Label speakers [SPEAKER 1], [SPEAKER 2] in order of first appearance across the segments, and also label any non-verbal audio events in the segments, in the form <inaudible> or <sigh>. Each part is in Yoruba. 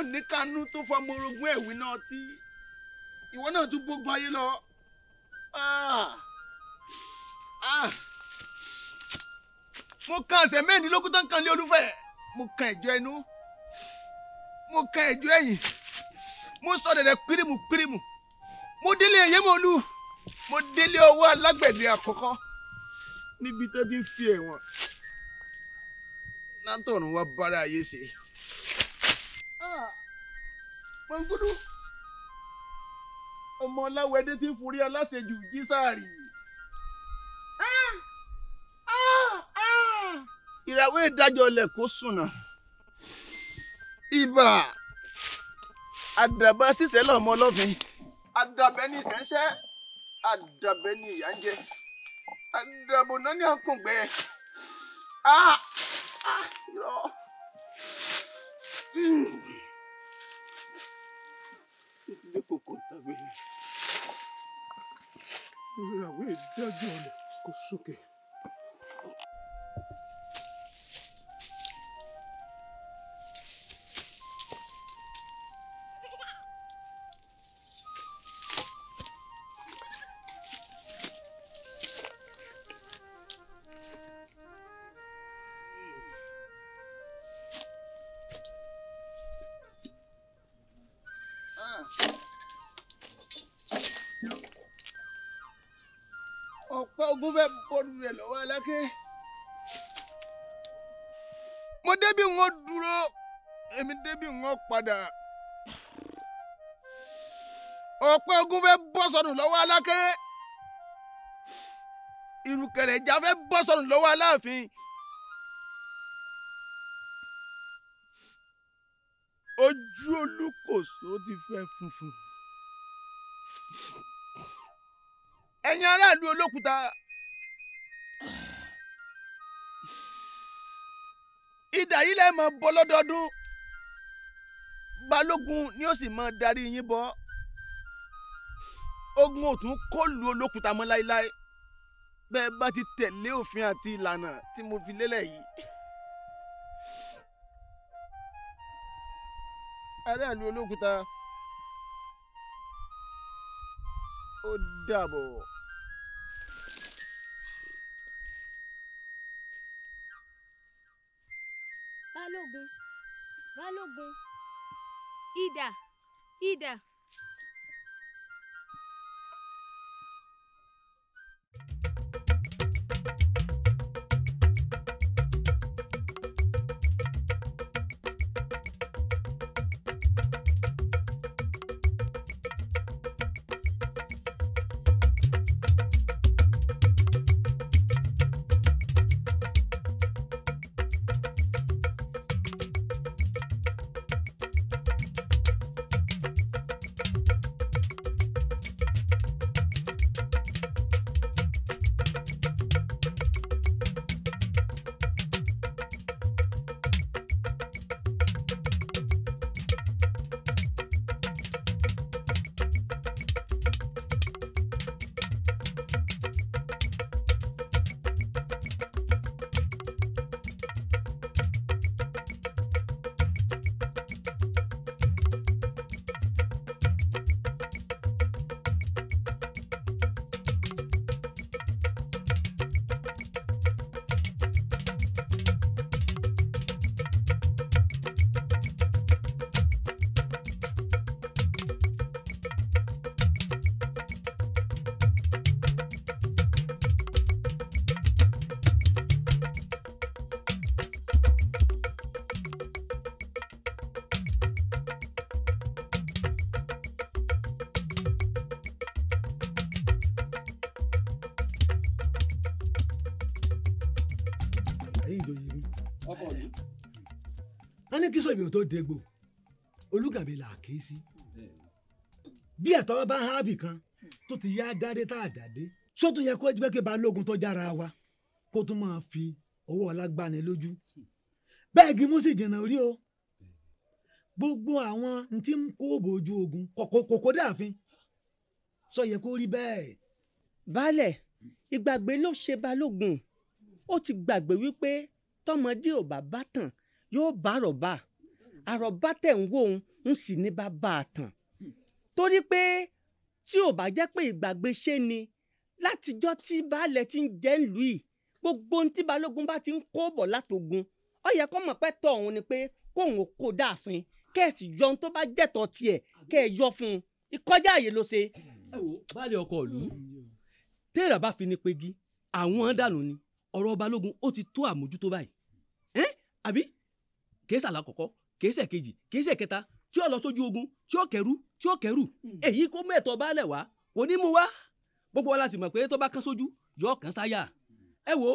[SPEAKER 1] ò ní kanú tó fọmọ orogún ẹ̀wí náà tí ìwọ náà tún gbógun ayé lọ. Ah. Ah. mo kan ẹsẹ̀ mẹ́rìndínlógún tó ń kan lé olúfẹ́ mo kan ẹ̀jọ́ ẹnu mo kan ẹ̀jọ́ ẹ̀yìn mo sọ dẹ̀dẹ̀ pírímù pírímù mo délé ẹ̀yẹ́mọ̀lú mo délé ọwọ́ alágbẹ̀dẹ àkọ́kọ́ níbi tó ti ń fi ẹ̀wọ̀n látọ̀run wá
[SPEAKER 2] bára ayé ṣe
[SPEAKER 1] pọ́ngudu ọmọ ọláwẹ́dẹ́ tí ń forí aláṣejù jí sáàrì. ìràwé ìdájọ́ ilẹ̀ kó sùnà ibà àdàbà ṣiṣẹ́ lọ́mọ ọlọ́fin àdàbẹ́ ní ìṣẹ́ńṣẹ́ àdàbẹ́ ní ìyá ń jẹ
[SPEAKER 2] àdàbò náà ní àkùngbẹ́ ah ah irọ́. Mm dípò kò gbàgbé ni ìràwé ìdájọ́ rẹ̀ kò sókè.
[SPEAKER 1] ogun fẹ́ bọ́ọ̀lù rẹ̀ lọ́wọ́ aláké. mo débi wọn dúró èmi débi wọn padà.
[SPEAKER 2] ọ̀pẹ ogun fẹ́ bọ́ sọnù lọ́wọ́ aláké. ìrùkẹ̀rẹ̀ ìjà fẹ́ bọ́ sọnù lọ́wọ́ aláàfin. ojú olúkòso ti fẹ́ funfun.
[SPEAKER 1] ẹ̀yin aráàlú olókùúta idà yìí lẹ́ẹ̀ máa bọ́ lọ́dọọdún balógun ni ó sì máa darí yín bọ́ ogun òtún kò lu olókùúta mọ́ láéláé bẹ́ẹ̀ bá ti tẹ̀lé òfin àti ìlànà tí mo fi lélẹ̀ yìí. aráàlú olókùúta.
[SPEAKER 3] ó double!
[SPEAKER 4] Balogun, Balogun, Ida, Ida.
[SPEAKER 1] wọn ní kí sọ̀bì ò tó dégbò olùgàbí là ké sí bí ẹ̀tọ́ bá há bì kan tó ti yá dádé tá a dádé sótún yẹ kó ẹgbẹ́ kí balógun tó jára wa kó tún máa fi owó ọlá gbani lójú bẹ́ẹ̀ gímú sì jìnnà rí o gbogbo àwọn tí ń kó bòójú ogun kòkó dàáfin sọ yẹ kó rí bẹ́ẹ̀. baálẹ̀ ìgbàgbé ló ṣe balógun ó ti gbàgbé wípé tọmọdé ò bá bá tàn yóò bá àròbá àròbá tẹ̀ ń wò ń sì ní bàbá àtàn torí pé tí ò bá jẹ́ pé ìgbàgbé ṣe ni látijọ́ tí baálẹ̀ ti ń jẹ́ ìlú yìí gbogbo ohun tí balógun bá ti ń kó bọ̀ látogun ó yẹ kó mọ̀ pé tọ̀ òun ni pé kóun ò kó dáàfin kẹ́ẹ̀sì yọ ohun tó bá jẹ̀tọ̀ tiẹ̀ kẹ́ ẹ yọ fún un ìkọjá àyè ló ṣe. ẹ wo baálẹ̀ ọkọ ìlú téèrà bá fi ni pegi àwọn dànù ni ọ̀rọ̀ balógun ó ti tó àmójútó báyìí àbí kìí sàlà kọ̀kọ́ kìí sẹ̀ kejì kìí sẹ̀ kẹta tí ó lọ sójú ogun tí ó kẹrù tí ó kẹrù hmm. èyí kó mẹ́ẹ̀tọ́ wá kò ní wá gbogbo wa la sì mọ̀ pé tó bá kán sójú sáyà ẹ wo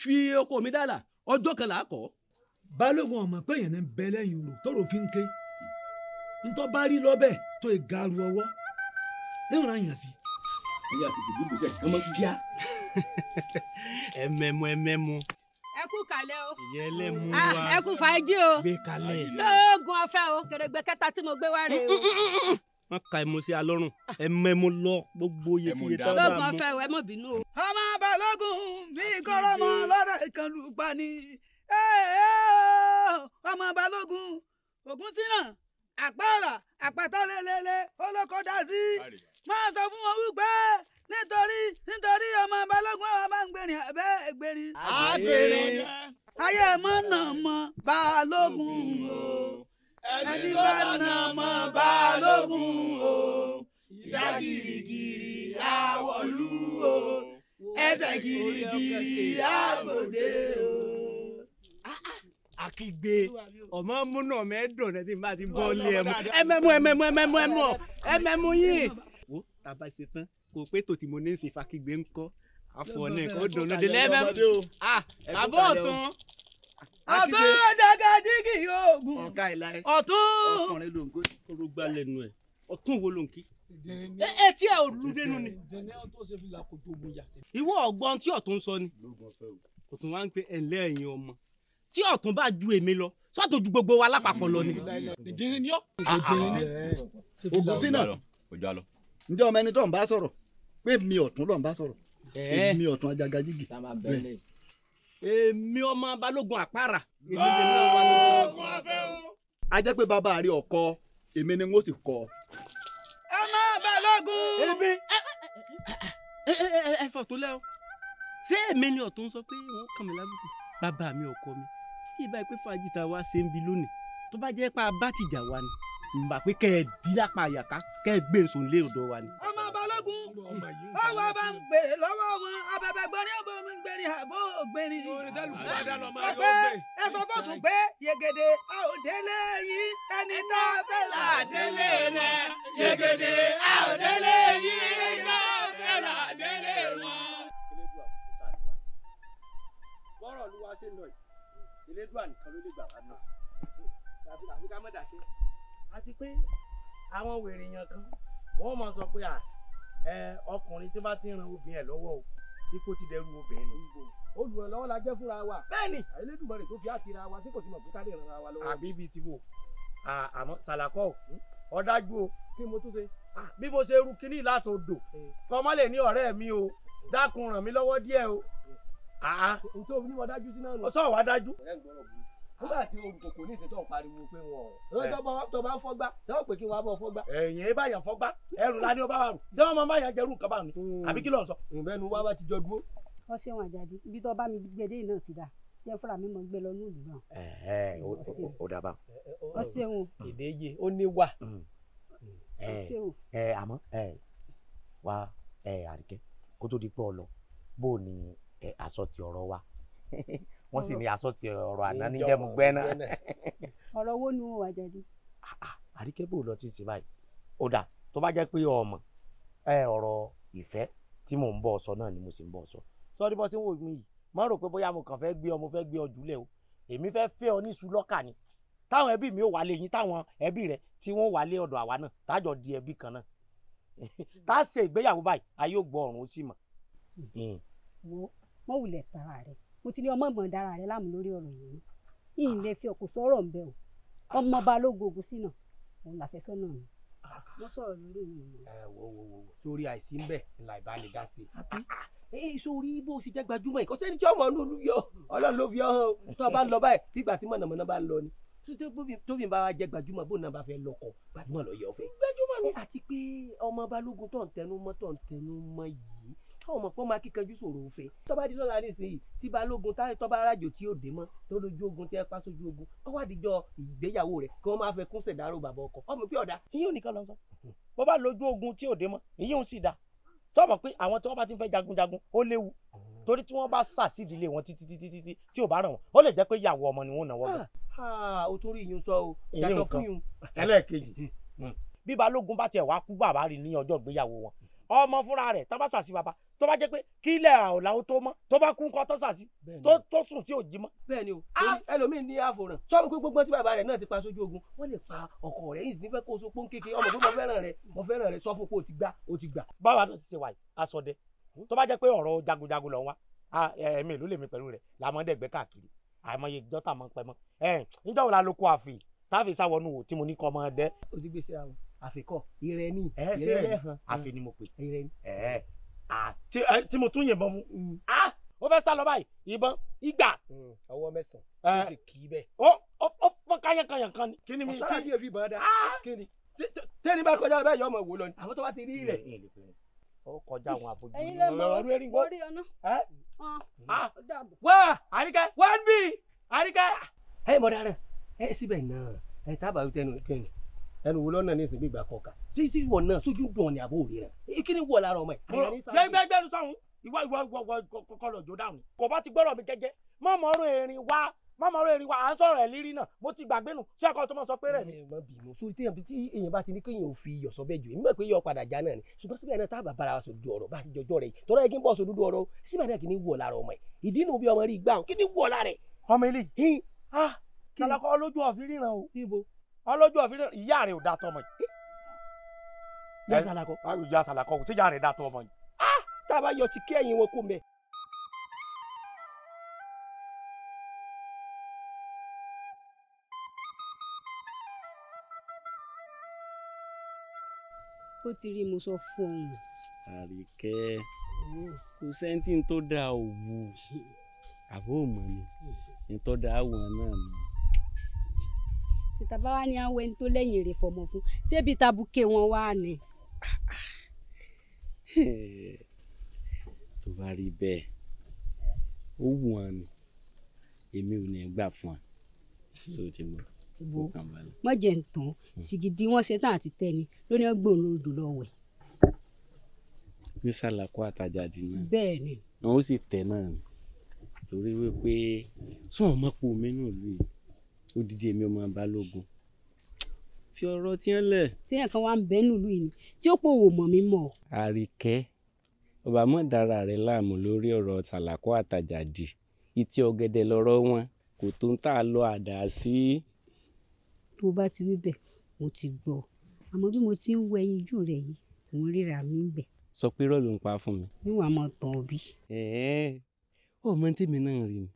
[SPEAKER 1] fi ọkọ mi dára kan là á kọ́. balógun ọmọ pé èèyàn ń bẹ fi ń ké ntọ́ bá rí lọ́bẹ̀ tó ọwọ́ yàn sí. <laughs> ẹ mọ ẹ
[SPEAKER 5] ẹ kú kalẹ̀ o. ìyẹn lè ah, wa ẹ kú fàájì o. gbé kalẹ̀. lóògùn ọ̀fẹ́ o kèrègbè kẹta tí mo gbé wá rèé o
[SPEAKER 1] wọn ka ẹmu sí alọrun ẹmu ẹmu lọ gbogbo iye kúye tá a bá mú. lọ́gùn ọ̀fẹ́
[SPEAKER 4] ẹ mọ̀ bínú o. ọmọ balógun bí gọ́rọ́mọ lọ́dọ̀ ìkànnì pani oh, ọmọ balógun ògùn sínà àpárà àpàtà lélẹ́lẹ́ olóko
[SPEAKER 1] sí máa sọ fún wọn wípé nítorí nítorí ọmọ balógun àwọn bá ń gbèrìn abẹ́ gbèrìn. àgbèrìn. ayé mọ́ nà mọ́ balógun o ẹni bá nà mọ́ balógun o ìdá gírígírí àwọ̀lú o ẹsẹ̀ gírígírí àbòdè o akigbe ọmọ múnà mẹdùn ẹ ti máa ti bọ ọ lé ẹmu ẹmẹmú ẹmẹmú ẹmẹmú ẹmẹmú yìí tàbá ṣe tán kò pé tòtí mo ní ìsìn ìfakígbe ń kọ́ àfọ náà kò dùn lóde lẹ́mẹ̀
[SPEAKER 3] ah, àbọ̀ ọ̀tún
[SPEAKER 1] ọ̀tún dàgàdìgì oògùn ọ̀tún ọkùnrin ló ń kó kóró gbá lẹ́nu ẹ̀ ọ̀tún wo ló ń kí ẹ tí ẹ ò lùdẹ́nu ni ìwọ ọgbọ́n tí ọ̀tún sọ ni ọ̀tún wá ń pe ẹ̀ńlẹ́ ẹ̀yìn ọmọ tí ọ̀tún bá ju èmi lọ sọ́tò ju gbogbo wa lápapọ̀ lọ ni. ògùn sínà òjò àlọ́ ǹjẹ́ ọmọ ẹni tó ń bá sọ̀rọ̀ pé mi ọ̀tún ló ń bá sọ̀rọ̀ èmi ọ̀tún Àjàgàjìgì bẹ́ẹ̀. èmi ọmọ balógun àpárà. balógun afẹ́ o. a jẹ́ pé bàbá rí ọkọ èmi ni n ó sì kọ. ọmọ balógun. èmi. ẹ fọ tó lẹ o ṣé èmi ni ọ̀tún sọ pé wọ́n kàn mí lábùkù bàbá mi ọkọ mi tí ìbá yìí pé fàájì ta wá ṣe ń bi lónìí tó bá jẹ́ pé a bá ti jà wá ni gbà pé kẹ́ ẹ dí lápá àyàká kẹ́ ẹ gbé èso lé ọ̀dọ̀ wa ni. ọmọ balógun oh ọwọ́ bá ń gbèrè lọ́wọ́ wọn abẹ́bẹ́ gbọ́nrín ọ̀bọ̀ mi gbèrè àbọ̀ ògbèrè. sọ pé ẹ sọ fọ́tún pé yegede a ò délé yín ẹni tá a fẹ́ là délé wọn yegede a ò délé yín ẹni tá a fẹ́ là délé wọn. bọ́rọ̀ ló wá sí lọ yìí elédùn àníkan ló lè gbà wá náà àti pé àwọn wèrè èèyàn kan wọ́n máa sọ pé ọkùnrin tí bá ti ń ran obìnrin ẹ̀ lọ́wọ́ o ipò ti dẹrù obìnrin nù. olùrànlọ́wọ́ la jẹ́ fúnra wa. bẹ́ẹ̀ni Elédùmarè tó fi àti ra wa sí kò tí mọ̀ kúta lè ran ra wa lọ́wọ́. àbí bíi ti bò àmọ́ sàlàkọ́ hmm? ọ̀dájú o. kí mo tún ṣe. bí mo ṣe ru kínní látòdò eh. kọ́mọ lè ní ọ̀rẹ́ mi o dákun ràn mí lọ́wọ́ díẹ̀ o. ntòun eh. ni mo dájú sí náà nù. ọsọ wa dájú nígbà tí olùkòkò ní ìsìntàn pariwo pé wọn ò eh. wọn tó bá ń fọgbá ṣé wọn pè kí wọn bá fọgbá. ẹ̀yin ẹ bá yàn fọgbá ẹrù la ni ó bá wà rù ṣé wọn máa bá yàn jẹrù kaba ni àbí kí ló ń sọ. ìbẹnu wa bá ti jọ dúró. ọ
[SPEAKER 5] ṣeun àjàdí ibi tó bá mi gbẹdẹ náà ti dà jẹ fúnra mi mọ gbẹ lọ ní ìlú ẹ
[SPEAKER 1] ẹ o daba. ọ ṣeun. èdè yé ó ní wà. ẹ mm. eh, eh, àmọ́ ẹ wa ẹ kó tó di pé ọ lọ bó o ní àsọtì ọ̀rọ̀ wa <laughs> wọ́n sì ní aṣọ ti ọ̀rọ̀ àná ní jẹ́mugbẹ́ náà. <laughs>
[SPEAKER 5] ọ̀rọ̀ owó ni wọn wà jáde. Ah,
[SPEAKER 1] ah, àríkẹ́ bò lọ ti sì báyìí ó dà tó bá jẹ́ pé ọmọ ẹ ọ̀rọ̀ ìfẹ́ tí mò ń bọ̀ sọ náà ni mo sì ń bọ̀ sọ sọ́ọ́dí bọ́ sí wò mí yìí má rò pé bóyá mo kàn fẹ́ gbé ọ mo fẹ́ gbé ọ jùlẹ̀ o èmi fẹ́ fẹ́ ọ ní sulọ́kà ni táwọn ẹbí mi ò wá lé yín táwọn ẹbí rẹ tí wọ́n wá lé ọ̀dọ̀ àwa náà tájọ di ẹbí kan náà <laughs> tá a ṣe ìgbéyàwó báyìí a yóò gbọ́ ọ̀run ó sì mọ̀. wo hmm. hmm.
[SPEAKER 5] mọ wulẹ̀ tara rẹ̀ mo ti ní ọmọ ìmọ̀ dára rẹ láàmú lórí ọ̀rọ̀ yìí yìí lè fi ọ̀kọ̀ sọ̀rọ̀ ń bẹ̀ o ọmọ balógun ogun sínà òun làfẹ́sọ́nà mi
[SPEAKER 1] wọ́n sọ̀rọ̀ lórí mi. ẹ wo wo wo sórí àìsí ń bẹ ńlá ìbá lè dá sí i. sórí bó ṣe jẹ́ gbajúmọ̀ ìkọ́ sẹ́ni tí ọmọ olú yọ ọlọ́run ló fi ọ́ hàn tó o bá lọ báyìí fígbà tí mọ̀nàmọ́ná bá ń lọ ni tóbi bá wa jẹ́ gbajúmọ̀ bó náà bá fẹ́ lọ́kọ gbajúmọ̀ ló yẹ ọ̀fẹ́. gbajúmọ̀ ni àti pé ọmọ balógun tó ń tẹnu mọ́ tó ń tẹnu mọ́ yìí ó mọ̀ pé ó máa kíkanjú sòrò òfé tó bá di lọ́la nísìnyí tí balógun táyé tó bá rájò tí yóò dé mọ́ tó lójú ogun tí ẹ pa sójú ogun kó wá díjọ ìgbéyàwó rẹ̀ kí wọ́n máa fẹ́ kún sẹ̀dárò bàbá ọkọ ọmọ pé ọ̀dà. ìyóò nìkan lọ sọ bó bá lójú ogun tí ò dé mọ́ ìyóò sì dá sọmọ pé àwọn tí wọ́n bá ti ń fẹ́ jagunjagun ó léwu torí tí wọ́n bá sà sídìí ilé wọn títí títí títí tí ò bá ràn wọ́n ó lè jẹ́ pé ìyàwó ọmọ ni wọ́n náwó bẹ̀. o torí o yàtọ̀ fún yun. ẹlẹ́ẹ̀kejì. bí balógun bá tiẹ̀ wá kú bàbá rí ní ọjọ́ ọmọ fúnra rẹ̀ tó bá sàsí bàbá tó bá jẹ́ pé kí ilẹ̀ àwòlá ó tó mọ́ tó bá kú nǹkan tó sàsí tó sùn tí ò jí mọ́. bẹ́ẹ̀ni o ah! ẹlòmíín ní àfòràn sọmọ pé gbogbo tí bàbá rẹ̀ náà ti pa sójú ogun wọn lè pa ọkọ rẹ̀ yìí nífẹ kó o so pọn kéke ọmọ pé mo fẹ́ràn rẹ̀ mo fẹ́ràn rẹ̀ sọ fún pé o ti gbà o ti gbà. báwa náà ti ṣe wáyé asọdẹ tó bá jẹ́ pé ọ̀rọ̀ jagunjagun lọ wá ẹmí ìlú lèmi pẹ̀lú rẹ̀ làmọdẹgbẹ káàkiri àìmọye ìjọta mọ pẹmọ ẹ níjọ́ wo la ló kó àfihàn táàfin sáwọnú wò tí mo ní kọ́ ọmọ dẹ́. o àfikọ́ ìrẹ ní ìrẹ rẹ hàn àfi ni mo pè ìrẹ ní. ẹ ẹ tí mo tún yìnbọn fún o, mm. fẹ́ sá lọ báyìí ìbọn ìgbà. Mm, ọwọ́ mẹ́sàn-án ó ti kì í bẹ́ẹ̀. ó fọ́n káyànkanyàn kan ni. kí ni mi kí ni fi bọ̀ ọ́ dá kí ni tẹ́ni bá kọjá bẹ́ẹ̀ yọ ọmọ ìwò lọ ni. àwọn tó bá ti rí rẹ̀. o, kọjá àwọn àbójú ẹ̀yin lè mọ orí ọ̀nà. wá àríkẹ́ wá ń bì àríkẹ́. ẹ mọ̀ dára ẹ síbẹ̀ náà ẹ tábà wí tẹnu kẹ́ni ẹnu wo lọ́nà ní ìsìnkú ìgbà kọ̀ọ̀kan sí sí ìwọ náà sójú dùn ọ̀nì àbò rẹ̀ kí ni wọ̀ lára ọmọ ẹ̀. gbẹgbẹgbẹnu sọhún ìwọ ìwọ ìwọ kọlọ jò dáhùn kò bá ti gbọ́rọ̀ mi gẹ́gẹ́ mọmọ ọrùn erin wá mọmọ ọrùn erin wá à ń sọ̀rọ̀ ẹ lírí náà mo ti gbàgbé nù sí ẹ̀kọ́ tó mọ sọ pé rẹ ni. ẹ má bínú sórí téèyàn tí èèyàn bá ti ní kéèyàn ò fi iyọ̀ sọ bẹ́ẹ̀ jù èmi mọ̀ pé yọ padà já náà ni ṣùgbọ́n síbẹ̀ náà táàbà bára wa sòdodo ọ̀rọ̀ bá ti jọjọ́ rẹ̀ tọ́lá ẹgbẹ́ ń bọ̀ sòdodo ọ̀rọ̀ síbẹ̀ náà kì ní wọ̀ lára ọmọ ẹ̀ ìdí nù bí ọmọ rí gbà kí ní wọ̀ lára ẹ̀. ọmọ ilé ah kí ni kí ni kí ni kí ni kí ọlọ́jú ọ̀fìnrin ìyá rẹ̀ ò da tọ́ ọmọ yìí. ìyá sàlàkọ. ìyá sàlàkọ kò sí ìyá rẹ̀ da tọ́ ọmọ yìí. tá a bá yọ ti kí ẹ̀yìn wọn kó mẹ́.
[SPEAKER 5] ó ti rí mo sọ fún un.
[SPEAKER 1] àríkẹ́ kò sẹ́ńtì tó dáa òwú <laughs> àbó òmò ni hmm. ní tó dáa wọ̀n náà ni
[SPEAKER 5] sí tàbá wá ní àwọn ẹni tó lẹ́yìn rẹ̀ fọmọ fún ṣébi tabuke wọn wá ni.
[SPEAKER 1] tó bá rí bẹ́ẹ̀ ó wù wọn ni èmi ò ní gbà fún ọ tó ti mọ
[SPEAKER 5] mọ jẹ ntàn sìgìdì wọn ṣe tán àti tẹni lóní ọgbọn olódò lọwẹ.
[SPEAKER 1] ní sàlàkó àtàjà dì náà bẹ́ẹ̀ ni. wọn ó sì tẹ náà torí wípé sún ọmọ pò mí náà lóye odidi èmi ọmọ balógun fi ọ̀rọ̀ tiẹ̀ lẹ̀.
[SPEAKER 5] tíyẹn kan wá ń bẹ nílùú yìí tí ó pòwò mọ̀ mí mọ̀.
[SPEAKER 1] àríkẹ́ ọba mọ̀ dára rẹ̀ láàmú lórí ọ̀rọ̀ tàlàkọ́ àtàjàdì ìtì ọ̀gẹ̀dẹ̀ lọ́rọ̀ wọn kò tó ń tà lọ àdá sí.
[SPEAKER 5] tó bá ti wí bẹ́ẹ̀ mo ti gbọ́ àmọ́ bí mo ti ń wẹ ẹyinjú rẹ̀ yìí mo ríra mi ń bẹ̀.
[SPEAKER 1] sọ pé rọ́ọ̀lù ń pa fún mi. níwọ̀n àmọ́ tán bí. ọmọ tèmi náà rí ni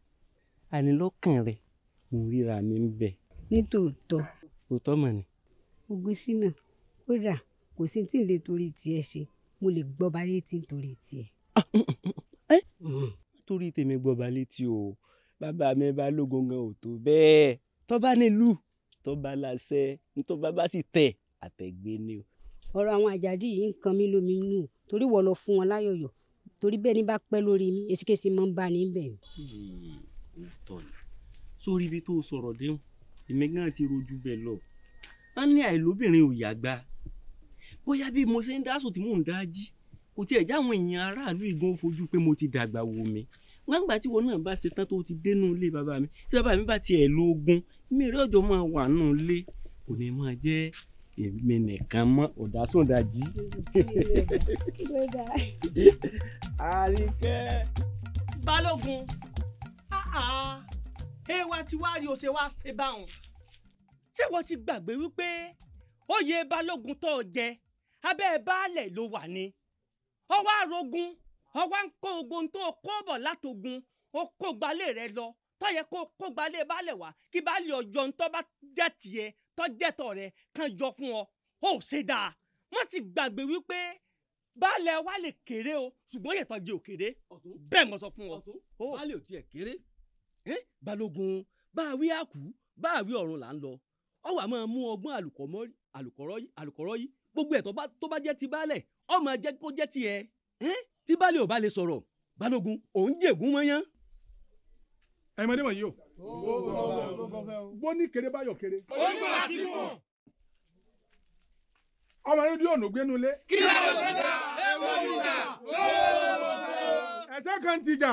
[SPEAKER 1] àní lọ́kàn rẹ̀ mo ríra mi ń bẹ̀. nítòótọ́. òótọ́ mọ̀ ni.
[SPEAKER 5] Ògúnṣínà kódà kò sí tí n lè torí tiẹ̀ ṣe mo lè gbọ́ba létí nítorí tiẹ̀. <laughs>
[SPEAKER 1] Eh? torí tèmi gbọ́ba létí o bàbá mi bá lógun gan ò tó bẹ́ẹ̀ tọ́ba nílùú tọ́ba láṣẹ nítọ́ba bá sì tẹ̀ àtẹ̀gbé ni o.
[SPEAKER 5] ọ̀rọ̀ àwọn àjàdí yìí ń kan mí lómi nù torí wọ́n lọ fún wọn láyọ̀yọ̀ torí bẹ́ẹ̀ ni bá pẹ́ lórí mi èsìkèsì máa ń bá ní bẹ̀
[SPEAKER 1] sórí ibi tó sọ̀rọ̀ déhùn èmi gan ti rojú bẹ́ẹ̀ lọ wọ́n ní àìlóbìnrin ò yàgbá bóyá bí mo ṣe ń dá sùn tí mò ń dá jí kò tiẹ̀ jáwọn èèyàn aráàlú ìgbọ́n fojú pé mo ti dàgbà wò mí gbàgbà tí wọn náà bá ṣe tán tó ti dénú ilé bàbá mi tí bàbá mi bá tiẹ̀ lo ogun mi rí ọjọ́ máa wà nù ilé kò ní máa jẹ́ èmi nìkan mọ́ ọ̀dásùndàjì. <laughs> àríkẹ́. balógun. ah ewa ti wá rí o ṣe wá ṣe báwọn. ṣé wọ́n ti gbàgbé wípé oyè balógun tó jẹ abẹ́ baálẹ̀ ló wà ní. ọwọ́ arógun ọwọ́ ń kó ogun tó kó bọ̀ látogun ó kó gbalẹ̀ rẹ lọ tó yẹ kó kó gbalẹ̀ baálẹ̀ wá kí baálẹ̀ ọjọ́ ń tọ́ bá jẹ́ tiẹ̀ tọ́ jẹ́ tọ̀ rẹ kàn yọ fún ọ ó ṣe dáa wọ́n ti gbàgbé wípé baálẹ̀ wa lè kéré o ṣùgbọ́n yẹtọ̀ jẹ́ òkèrè bẹ́ẹ̀ mo sọ fún ọ. baálẹ̀ ò tiẹ̀ kéré balógun bá a wí àkú bá a wí ọ̀run là ń lọ ọwọ́ àmọ́ mú ọgbọ́n àlùkọ́rọ́ yìí gbogbo ẹ̀ tó bá jẹ́ ti baálẹ̀ ọmọ jẹ́ kó jẹ́ tiẹ̀ tí baálẹ̀ ò bá lè sọ̀rọ̀ balógun òun jẹ̀gún mọ́yán. ẹ mọ̀ ní wọ̀nyí o. bó ní kéré báyọ̀
[SPEAKER 2] kéré. onígbà sí mọ̀. ọmọ yóò di ọ̀nà gbénu lé. kí ló ń bẹ̀rẹ̀ ẹ wọ́n mi sà. ẹ̀sẹ̀ kan ti jà.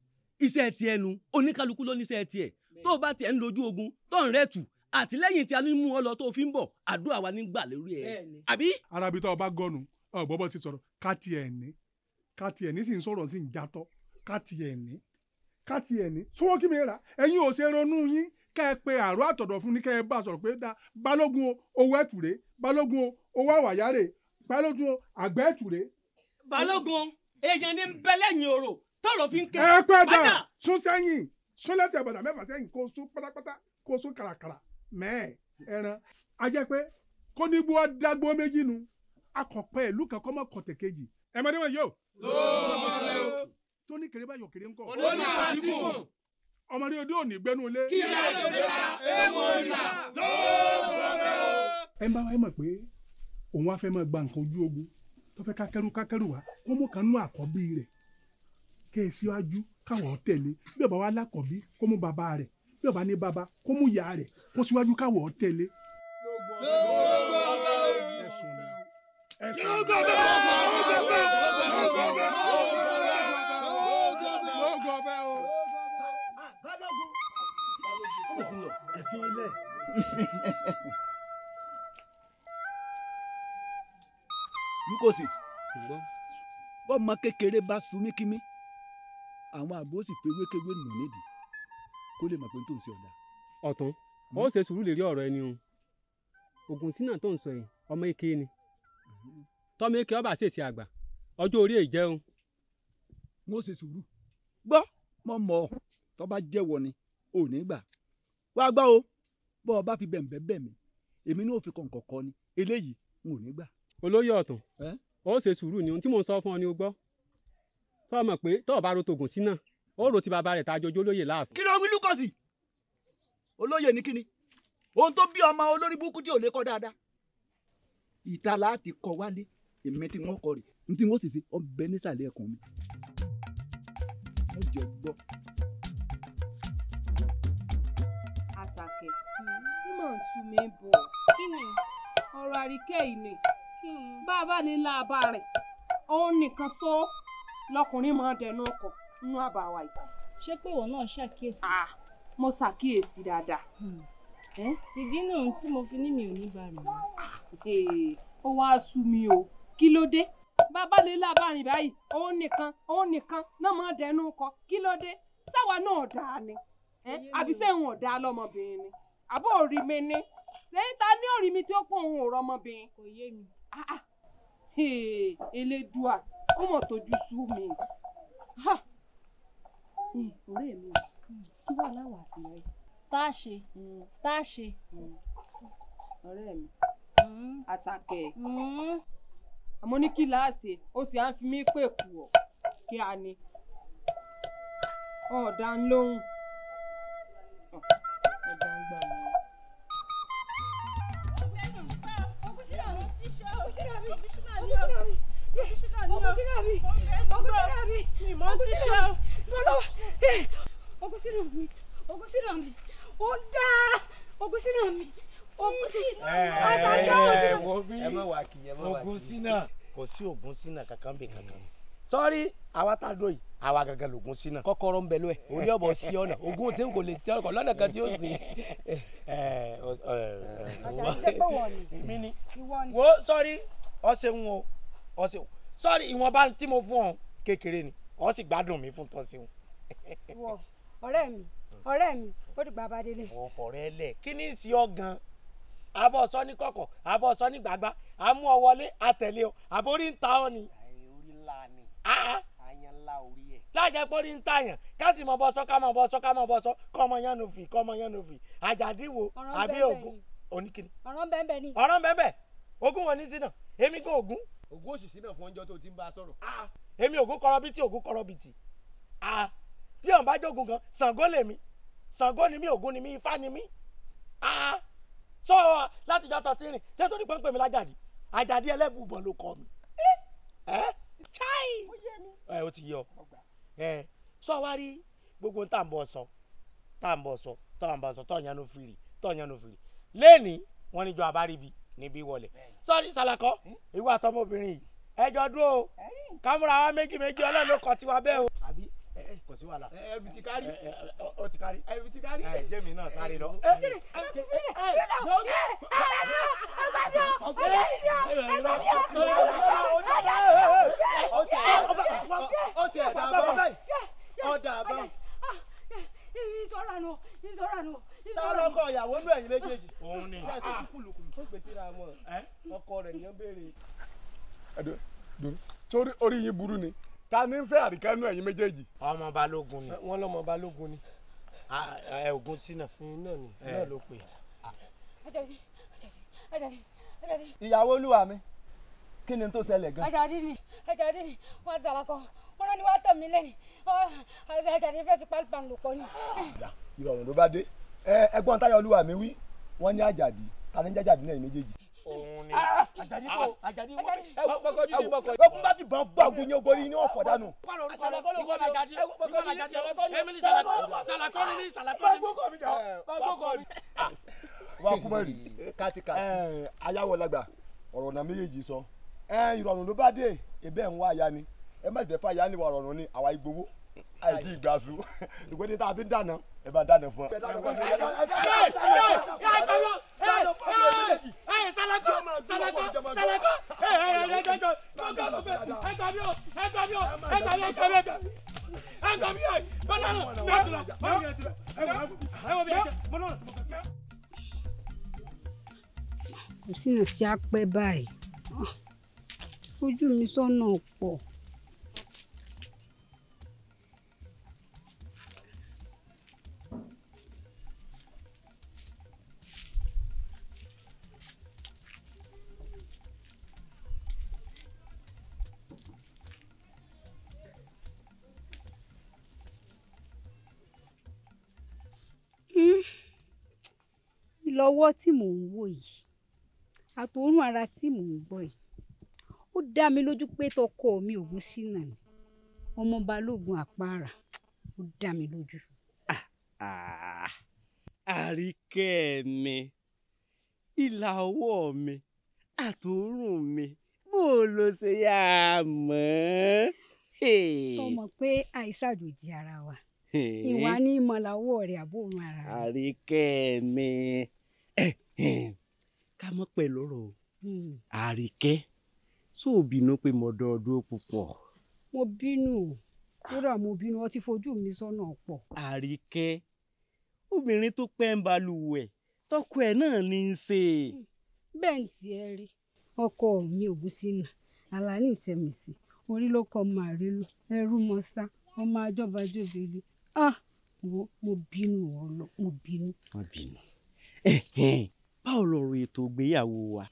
[SPEAKER 1] iṣẹ́ tiẹ̀ nu oníkálukú ló níṣẹ́ tiẹ̀ tó o bá tiẹ̀ ń lójú ogun tó ń rẹ̀ tù àtìlẹ́yìn tí a ní mú ọ lọ tó o fi ń bọ̀ àdúrà wa ní gbà lórí ẹ̀
[SPEAKER 2] àbí. arabi tó o bá gọnu ọgbọ́bọ́ ti sọ̀rọ̀ káàtì ẹ̀ ní káàtì ẹ̀ ní sì ń sọ̀rọ̀ sí ń jatọ́ káàtì ẹ̀ ní káàtì ẹ̀ ní sọ́wọ́ kí mi rà ẹ̀yin ò ṣe ronú yín kẹ́ ẹ pe àrò àtọ̀dọ̀ fún ni kẹ́ ẹ bá sọ̀rọ̀ pé da balógun o owó ẹ̀tùrẹ́ balógun o owó àwàyáre balógun o àgbẹ̀ ẹ̀tùrẹ́. balógun èèyàn ní bẹ́lẹ̀ yín
[SPEAKER 1] orò tọrọ fi
[SPEAKER 2] ń ké. ẹ padà sún sẹ́yìn sún lẹ́sẹ̀ àbàdà mẹ́fà sẹ́yìn kó sún pátápátá kó sún kàràkàrà mẹ́ẹ̀ ẹran a jẹ́ pé kó ní bó dágbó méjì nu akọ̀pẹ́ ìlú kan kọ́ mọ́ kọ̀tẹ̀ kejì ẹ mọ̀ níwọ̀n yóò. lóòótọ́ tó ní kéré báyọ̀ kéré ń kọ́. onígbà àsìkò. ọmọdé odó ò ní gbẹnu ilé. kí ẹ yóò ta ẹ ń bá wa ẹ mọ̀ pé òun á fẹ́ máa gba nǹkan ojú ogun tó fẹ́ kákẹ́rù kákẹ́rù wa kó mú kan àkọ́bí rẹ̀ kẹ́ ẹ síwájú káwọn tẹ̀lé bí ọba wa lákọ̀ọ́bí kó mú bàbá rẹ̀ bí ọba ní bàbá kó mú ìyá rẹ̀ kó síwájú káwọn tẹ̀lé. ẹ̀fín ilẹ̀ lukosi bọ́ọ̀mọ kékeré bá sunmí kímí
[SPEAKER 1] àwọn àgbò sì fi ewékewé nù nídìí kó lè mọ̀ pé n tó ń ṣe ọ̀dà. ọ̀tún hmm. ó ṣe sùúrù lè rí ọ̀rọ̀ ẹni o ògùn sínà tó ń sọ yìí ọmọ èké ni hmm. tọ́mọ èké ọba ṣèṣì àgbà ọjọ́ orí èyí jẹun. n ó ṣe sùúrù gbọ́ mọ́ mọ́ ọ tó jẹ́wọ́ ni ò ní gbà wá gbọ́ o bọ́ ọ bá fi bẹ̀m̀bẹ̀ bẹ̀ mí èmi náà ò fi kọ̀ǹkọ̀ kọ ni eléyìí n ò ní gbà. olóyè ọ̀tún ó ṣe sùúrù ni ohun tí mò ń sọ fún ọ ni o gbọ́ tó o mọ̀ pé tó o bá ro tògùn sí náà ó ro ti bàbá rẹ̀ tájọ olóyè láàfin. kí ló wí lúkọ̀sì olóyè ní kíni ohun tó bí ọmọ olórí burúkú tí ò lè kọ́ dáadáa ìta láti kọ wálé èmi tí wọ́n kọ rè ní tí wọ́n sì ṣe ọbẹ̀ nísàlẹ̀ ẹ̀kọ́ mi. mo jẹ gbọ́.
[SPEAKER 4] àṣàkẹ́ bọ̀ kí ni ọ̀rọ̀ àríkẹ́ yìí ni bá a bá lè la àbá rẹ̀ òun nìkan sọ. So lọkùnrin máa dẹnu ọkọ nínú àbá wa yìí. ṣé pé ìwọ náà ṣàkíyèsí. Ah, mo ṣàkíyèsí dáadáa. Hmm. ìdí náà tí mo fi ní mi ò ní bá mi. ó wáá sú mi o kí ló dé bàbá lè lábàárín báyìí òun nìkan òun nìkan náà máa dẹnu ọkọ kí ló dé sáwa náà dáa ni àbí sẹ́yìn ò lọ́mọbìnrin ni àbó òrì mi ni lẹ́yìn ta ní òrì mi tí ó pọ̀ òun ò rọmọbìnrin. kò yé mi. Ah, ah. elédùà ó mọ̀ tójú sú mi hmm, ọ̀rẹ́ mi hmm, kí wàá láwọn àṣìyá yìí. tá a ṣe hmm. tá a ṣe. ọ̀rẹ́ mi àṣàkẹ́ àmọ́ ní kí láàṣẹ ó sì á fi mí pè kù ọ́ kí a ní ọ̀ọ́dà ń lóhùn. ọkùnrin mi ọkùnrin mi ọkùnrin mi lọ́wọ́ ọkùnrin mi ọkùnrin mi ó dáa ọkùnrin mi ọkùnrin
[SPEAKER 5] mi
[SPEAKER 1] àṣàjọ ọkùnrin mi. ogun sínà kò sí ogun sínà kankan bẹ kankan sọrí àwa tá a dó yìí àwa gangan lògùn sínà. kọ́kọ́rọ́ ń bẹ lọ ẹ òní ọbọ sí ọnà ogun tí n kò lè sí ọkọ lọnà kan tí ó sì. Eh, eh, eh, ọ̀sẹ̀ ìṣẹ́pẹ̀ wọ̀ ni. mi ni wo sọrí ọ̀sẹ̀ ń wo ọ̀sẹ̀ ń wo sọ́ọ̀rì ìwọ̀nba tí mo fún ọ kékeré ni ọ sì gbádùn mi fún tọ́sí o. <laughs> wọ ọ̀rẹ́ mi ọ̀rẹ́ mi ó dìgbà bá délé. wọ fọ̀rẹ́ lẹ kí ni ìsì ọgàn abọ́ sọ ní kọ̀kọ̀ abọ́ sọ ní gbàgbá amú ọ wọlé àtẹ̀lé ọ àbórí ń ta ọ ni. orí ńlá ni àyàn ńlá orí ẹ. láàjẹ pé orí ń tàyàn kásì mọ bọsọ ká mọ bọsọ ká mọ bọsọ kọmọ yánnofì kọmọ yánnofì àjàdíwò àbí ògún oníkìní. ọ̀rọ̀ ń bẹ́ẹ̀ bẹ́ẹ̀ ni. ọ̀rọ̀ ń bẹ́ẹ̀ bẹ́ẹ̀ ogún wọn ní sínà èmi kò ogún ògùn òṣìṣẹ́ náà fún ọjọ́ tó ti ń bá a sọ̀rọ̀. Ah, èmi ògùn kọrọbìtì ògùn kọrọbìtì bí òun ah, bá jogun gan Ṣàngó lèmi Ṣàngó ni mí ògùn ni mí ifá ni mí ah, sọ látijọ́ tó ti rìn ṣé tó ní pẹ́ńpẹ́ mi lájàdí àjàdí ẹlẹ́bùbọ̀ ló kọ mi chai ẹ o ti yọ ẹ sọ wá rí gbogbo tá à ń bọ̀ sọ tá à ń bọ̀ sọ tá à ń bọ̀ sọ tó yanu fìrì tó yanu fìrì lẹ́ẹ̀ni wọ́n níjọ abáríbi níbí wọlé sọ́ọ́ni sàlàkọ́ ìwọ àtọmọbìnrin yìí ẹjọ́ dúró o kámúra wa méjì méjì ọlọ́run ló kọ́ tiwa bẹ́ẹ̀ o. àbí kò sí wàhálà ẹbí ti kárí ọ ti kárí ẹbí ti kárí ẹ jẹ́mi náà sáré lọ. ó ti ẹ̀ dà bọ́ ó dà bọ́ ìsọ̀rànù ìsọ̀rànù. tá a lọ kọ ìyàwó nù ẹ̀yìn méjèèjì. òun ni. ẹ ṣe kúkúlùkù ó gbèsè ra mọ ọkọ rẹ nìyẹn béèrè. ẹdọ dùn sórí orí yín burú ni ta ni ń fẹ́ àríkánú ẹ̀yin méjèèjì. ọmọ balógun ni. wọn lọmọ balógun ni. ẹ ogun sínà. iná ni náà ló pè. ìyàwó olúwa mi kí ni tó ṣẹlẹ̀ gan.
[SPEAKER 5] ajadi ni ajadi ni wọn zara kan wọn lọ ni wọn tọ mí lẹ́yìn
[SPEAKER 4] ajadi fẹẹ fi pálí pàǹdù pọ ni.
[SPEAKER 1] ìrọ̀rùn ló bá dé ẹgbọ́n táyọ̀ olúwa mi wí wọ́n ní ajadi ta ni jájà nínú ẹ̀yìn méjèèjì. òun ni ah, Àjàdí kò ah, Àjàdí wọ ẹ wọ gbọkọ ju sí gbọkọ. ó kún bá fi bàn bọ àgbo yẹn obori ni wọn fọ dànù. ìwọ Àjàdí ìwọ Àjàdí emily salakoni ni salakoni ni. Eh, ah,
[SPEAKER 6] wa kúmọ̀ rí kàtìkàtì eh, ayáwọ̀ lágbà ọ̀rọ̀ ọ̀nà méjèèjì
[SPEAKER 1] sọ eh, ìrọ̀rùn ló bá dé ẹ̀bẹ̀ ń wá aya ni ẹ má dẹ́fà aya ni wà rọ̀rùn ni àwa ìgbowó àìsí ìgbàsù ìgbẹ́ni tá a fi ń dáná ẹ bá dáná fún wa. salako salako salako ẹ ẹ ẹ ẹ jọjọ gbọgbọ gbọgbọ ẹ gbà mí o ẹ gbà mí o ẹ gbà mí ẹ gbà mí ẹ gbà
[SPEAKER 2] mí ẹ gbà mí ẹ banana banana banana ẹ wọ bí ẹ jẹ banana.
[SPEAKER 5] kò sí ní sí apẹ́ báyìí fojú mi sọ́nà pọ̀. lọ́wọ́ tí mò ń wò yìí àtòórùn ara tí mò ń gbọ́ yìí ó dá mi lójú pé tọkọ mi Ògúnṣínà ni ọmọ balógun àpáàrà ó dá mi lójú.
[SPEAKER 1] Ah, ah, àríkẹ́ mi ìlà ọwọ́ mi àtòórùn mi bó ló ṣe yá mọ̀ ọ́. sọmọ
[SPEAKER 5] pé àìsàjòjì ara wa ìwà ní ìmọ̀lá ọwọ́ rẹ̀ àbóhùn ara
[SPEAKER 1] rẹ̀. àríkẹ́ mi. ká mọ pẹ̀ ọrụ àríkẹ́ tó bínú pé mo dọ́ọdún púpọ̀.
[SPEAKER 5] mo bínú kódà mo bínú ọtí fojú mi sọ́nà pọ̀.
[SPEAKER 1] àríkẹ́ obìnrin tó pẹ́ ń balùwẹ̀ tọkọ ẹ̀ náà ní í ṣe.
[SPEAKER 5] bẹ́ẹ̀ ń tiẹ̀ rí ọkọ mi ògúnṣínà àlàní ìṣẹ̀mìsì orí ló kọ ọmọ àrélò ẹrú mọ́sá ọmọ àjọbájọbẹ̀lẹ̀ ah mo bínú mo bínú.
[SPEAKER 1] bínú. <laughs> báwo lọ̀rọ̀ ètò ìgbéyàwó wa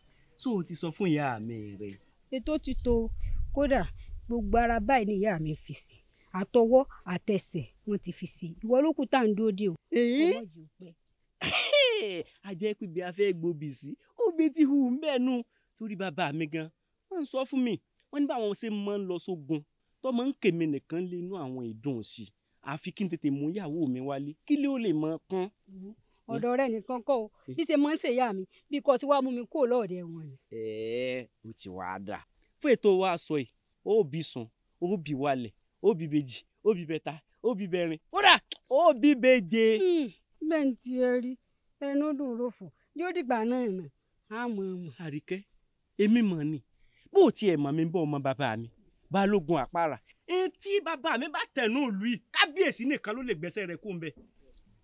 [SPEAKER 1] ṣó o ti sọ fún ìyá mi rẹ.
[SPEAKER 5] ètò ti tó kódà gbogbo ara báyìí ni ìyá mi fi sí àtọwọ́ àtẹsẹ̀ wọn ti fi sí ìwọ ló kù tá à ń dúró dé o.
[SPEAKER 1] àjẹ́ <laughs> pé bí a fẹ́ gbòbì sí òbí ti hù ń bẹ́ẹ̀ nu torí bàbá mi gan wọ́n ń sọ fún mi wọ́n ní báwọn ṣe máa ń lọ sógun tọ́mọ ń kèmí nìkan lé inú àwọn ìdùn sí àfi kí n tètè mú ìyàwó mi wálé kí ló lè mọ kán
[SPEAKER 5] ọ̀dọ̀ rẹ nìkan kọ́ o bí hm. ṣe máa ń ṣèyá mi bí kò tí wàá mú mi kúrò lọ́ọ̀dẹ wọn ni.
[SPEAKER 1] ẹ ẹ o ti wàá dà fún ètò wa sọ yìí ó bí sùn ó bí wálẹ̀ ó bí bèjì ó bí bẹta ó bí bẹrin kódà ó bí bèje. Hmm, bẹ́ẹ̀ ni ti ẹ rí
[SPEAKER 5] ẹnu dùn ló fò yóò dìgbà náà nà á mọ̀ ọ́n mọ̀.
[SPEAKER 1] àríkẹ́ èmi mọ̀ ni bó o tiẹ̀ mọ̀ mi bọ́ ọmọ bàbá mi balógun àpárá ntí bàbá mi bá tẹ̀nú ìlú yìí kábíyèsí nìkan ló lè gbẹ́sẹ̀ rẹ̀ kó ń bẹ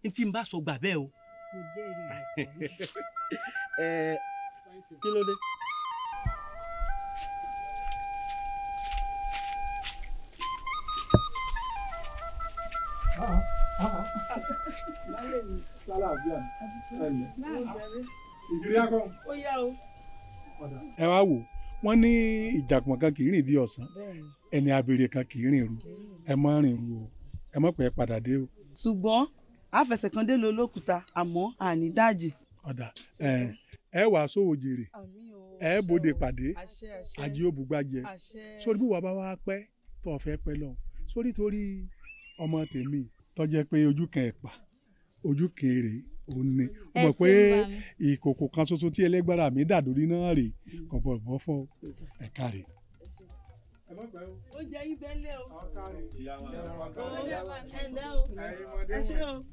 [SPEAKER 1] ntí n bá sọ gbà bẹ́ẹ̀ o kò jẹ́rìí rẹ̀ <laughs> ẹ kí ló dé.
[SPEAKER 2] ẹ wá wò wọ́n ní ìjàpọ̀n kan kì í rìn bí ọ̀sán ẹni abèrè kan kì í rìn ru ẹ mọ́ rìn ru o ẹ mọ́ pẹ́ padà dé o. ṣùgbọ́n àfẹsẹ̀ kan dé lo olókùúta àmọ́ àní dájì. ọ̀dà ẹ wà sówò jèrè ẹ bòde pàdé àjí òbúgbàjẹ sórí bí wàá bá wá pẹ́ tó ọ̀fẹ́ pẹ́ lọ sórí torí ọmọ tèmi tọ́jẹ́ pé ojú ẹ̀ pa ojú kéré òun ni ó mọ̀ pé ìkòkò kan ṣoṣo tí ẹlẹ́gbára mi dàdórí náà rè kò bọ̀ bọ́ fọ́ ẹ̀ka rè.
[SPEAKER 1] ó jẹ́ ibẹ̀ lé o. ọ̀ká rè ìyá wa ẹ̀ ẹ̀
[SPEAKER 2] o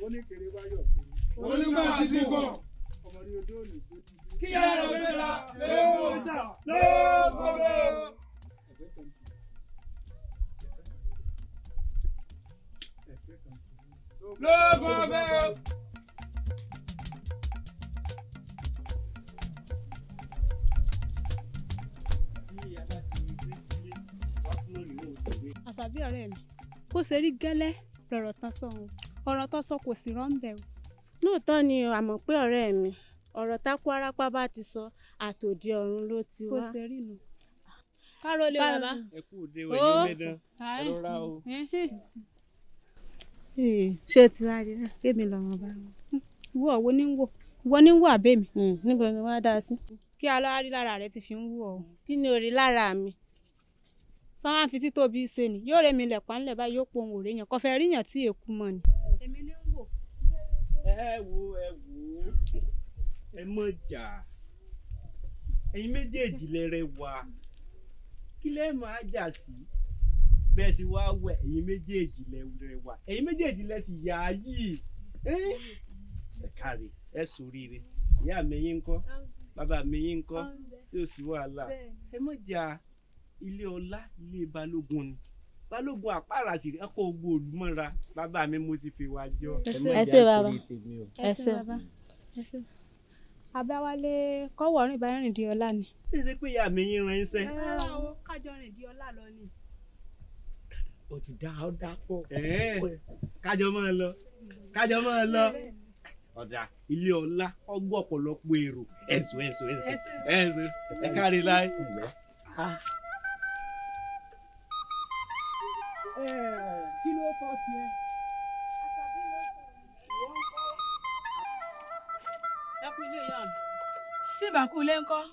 [SPEAKER 2] wọ́n ní kéré wáyọ̀ kéré. onígbà sí kàn. ọmọdé odó òní tó ti dé. kí yàrá òde la lóògùn ọ̀sà lóògùn ọ̀sà. lóògùn
[SPEAKER 4] àṣàbí ọ̀rẹ́ mi kó ṣe rí gẹ́lẹ́ lọ̀rọ̀ tán sọ̀hún ọ̀rọ̀ tó sọ kò sí rọ́ńbẹ́ o. lóòótọ́ ni àmọ́ pé ọ̀rẹ́ mi ọ̀rọ̀ tákú arápá bá ti sọ àtòdì ọ̀run ló ti wá. kò sí rí nu. káró lè bàbá. ẹ kú òde o ẹ̀yin mẹ́dán ẹ rọra o. ṣé ti wá rí náà ah, kémi lọ́mọ bá wọn. ìwọ wo ni ń wò ìwọ ni ń wò àbẹ́ mi. Hmm, níbo ni wọ́n á dá sí. kí alárí lára rẹ ti fi ń wù ọ. kí ni o rí lára mi sanwó-àfi títóbi ṣe ni yóò rẹ̀ mi lẹ̀pá ńlẹ̀ báyìí yóò pohùn òrèèyàn kọfẹ́ ríyàn tí èkú mọ̀ ni
[SPEAKER 1] èmi ni ń wò. ẹ wo ẹ wo ẹ mọ̀ jà ẹ̀yin méjèèjì lẹ́rẹ̀ wá kí lẹ́ máa jà sí bẹ́ẹ̀ sì wá wẹ̀ ẹ̀yin méjèèjì lẹ́rẹ̀ wá ẹ̀yin méjèèjì lẹ́ sì yá yìí ẹ káre ẹ sòríire ìyá mi yín ń kọ́ bàbá mi yín ń kọ́ tí wàhálà ẹ mọ̀ jà ilé ọlá ilé balógun ni balógun àpárá sì rí ọkọ ogun olùmọra bàbá mi mo sì fi wá jọ. ẹ ṣe bàbá
[SPEAKER 4] ẹ ṣe bàbá abáwálé kọ́wọ́ rìn bá rìn di ọlá ni. ṣé ṣe pé
[SPEAKER 1] ìyá mi yín ran iṣẹ́. ẹ àwọn
[SPEAKER 4] kájọ rìn di ọlá lọ ni.
[SPEAKER 1] o ti dá ọ dá pọ̀. kájọ máa lọ kájọ máa lọ ọ̀dà ilé ọlá ọgbọ́ ọ̀pọ̀lọpọ̀ èrò ẹ̀sùn ẹ̀sùn ẹ̀sùn ẹ̀sùn ẹ̀ka rí láì.
[SPEAKER 2] kí ló kọ́ tiẹ̀. àṣàbí ló kọ́
[SPEAKER 4] ìwọ ń kọ́. ẹ kú ilé yàn ń kọ́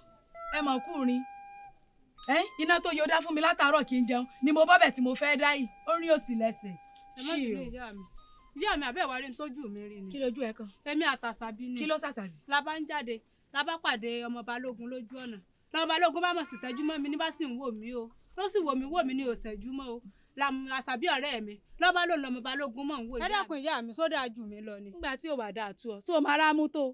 [SPEAKER 4] ẹ mọ̀ kú rin iná tó yọdá fún mi látàárọ̀ kí n jẹun ni mo bọ́bẹ̀ tí mo fẹ́ dá yìí ó rí òsì lẹ́sẹ̀. ẹ má bínú ìyá mi ìyá mi àbẹ́ ìwà rí ní tójú mi rí ni. kí lójú ẹ kan. èmi àtàṣàbí ni. kí ló ṣàṣàbí. la bá ń jáde la bá pàdé ọmọ balógun lójú ọ̀nà lọ́mọ balógun bá mọ̀ sí tẹ́jú mọ́ mi ní bá sì ń wò mí o ló sì wò mí wò mí ní òṣèjú mọ́ o àṣàbí ọ̀rẹ́ mi lọ́ba ló lọ́mọ balógun mọ̀ ń wò. ẹ dákun ìyá mi sódà jù mí lọ ni. nígbà tí o bá dáa tu ọ sóò máa rámú tó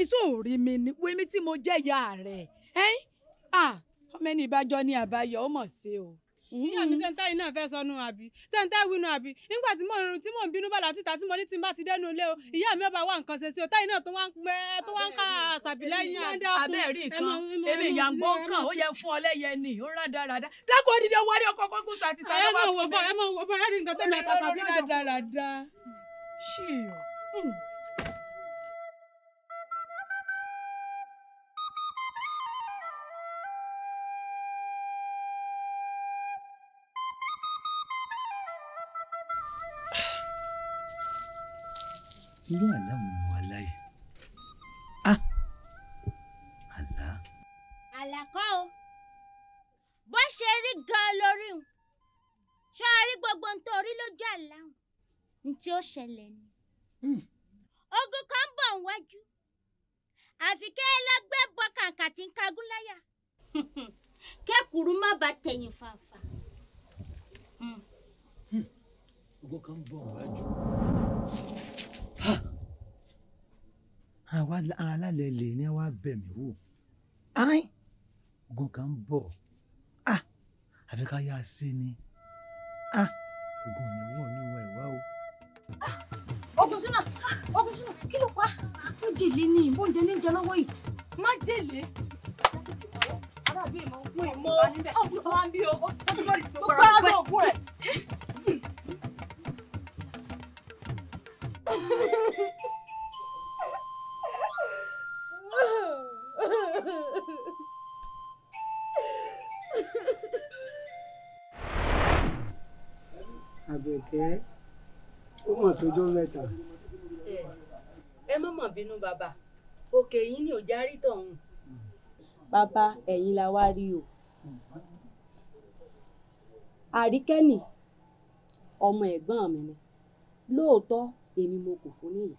[SPEAKER 4] iṣu ò rí mi ni wo èmi tí mo jẹ́ ìyá rẹ̀ ẹ́yìn ọmọ ẹni ìbájọ́ ní àbáyọ ó mọ̀ sí o ìyá mi sẹ́ńtà yìí náà fẹ́ sọnù àbí sẹ́ńtà ìwínú àbí nígbà tí mò ń tí mò ń bínú bàlá títa tí mo ní tí n bá ti dẹnu ilé o hmm. ìyá mi ọba wa nǹkan ṣe sí o táyì náà tó wá ń pẹ́ tó wá ń ká àṣàbí lẹ́yìn àdákùn. abẹ́ rí èmi ìyá ń ó yẹ fún ọ lẹ́yẹ ni ó rán dáradá dákun odidi owó rí ọkọ̀ kókó sàtì sàlẹ̀ wà fún mi. ẹ máa wọ bọ́ ẹ máa wọ bọ́ لا لا والله ah àlá. àlàkọ́ o bó ṣe rí o ṣé a rí gbogbo ohun tó rí lójú àlá o ní tí ó ṣẹlẹ̀ ni. Hmm. ogun kan ń bọ̀ wájú àfi kí gbé bọ kàǹkà tí ń kagún láyà <laughs> kẹ́kùrú má bàa tẹ̀yìn
[SPEAKER 1] àwọn alálẹ̀ ilé ni wàá bẹ̀ mí wò áín ogun kan ń bọ̀ á àfi ká yá a sí ni á ogun ò ní wọ̀ ní ìwà ìwà o.
[SPEAKER 4] ogun sínú ogun sínú kí ló pa májèlé ni ìbóúnjẹlé ń jẹ lọ́wọ́ yìí májèlé. arábìnrin mọ̀ ń pín ìmọ̀ ọ̀gbìn máa ń <laughs> àbẹ̀kẹ́ ó mọ̀ tójó mẹ́ta. ẹ má mọ̀ bínú bàbá òkè yín ni ò járí tọ̀hún. bàbá ẹ̀yin la wá rí o. àríkẹ́nì
[SPEAKER 1] ọmọ ẹ̀gbọ́n mi ni lóòótọ́ èmi mo kò fún níyà.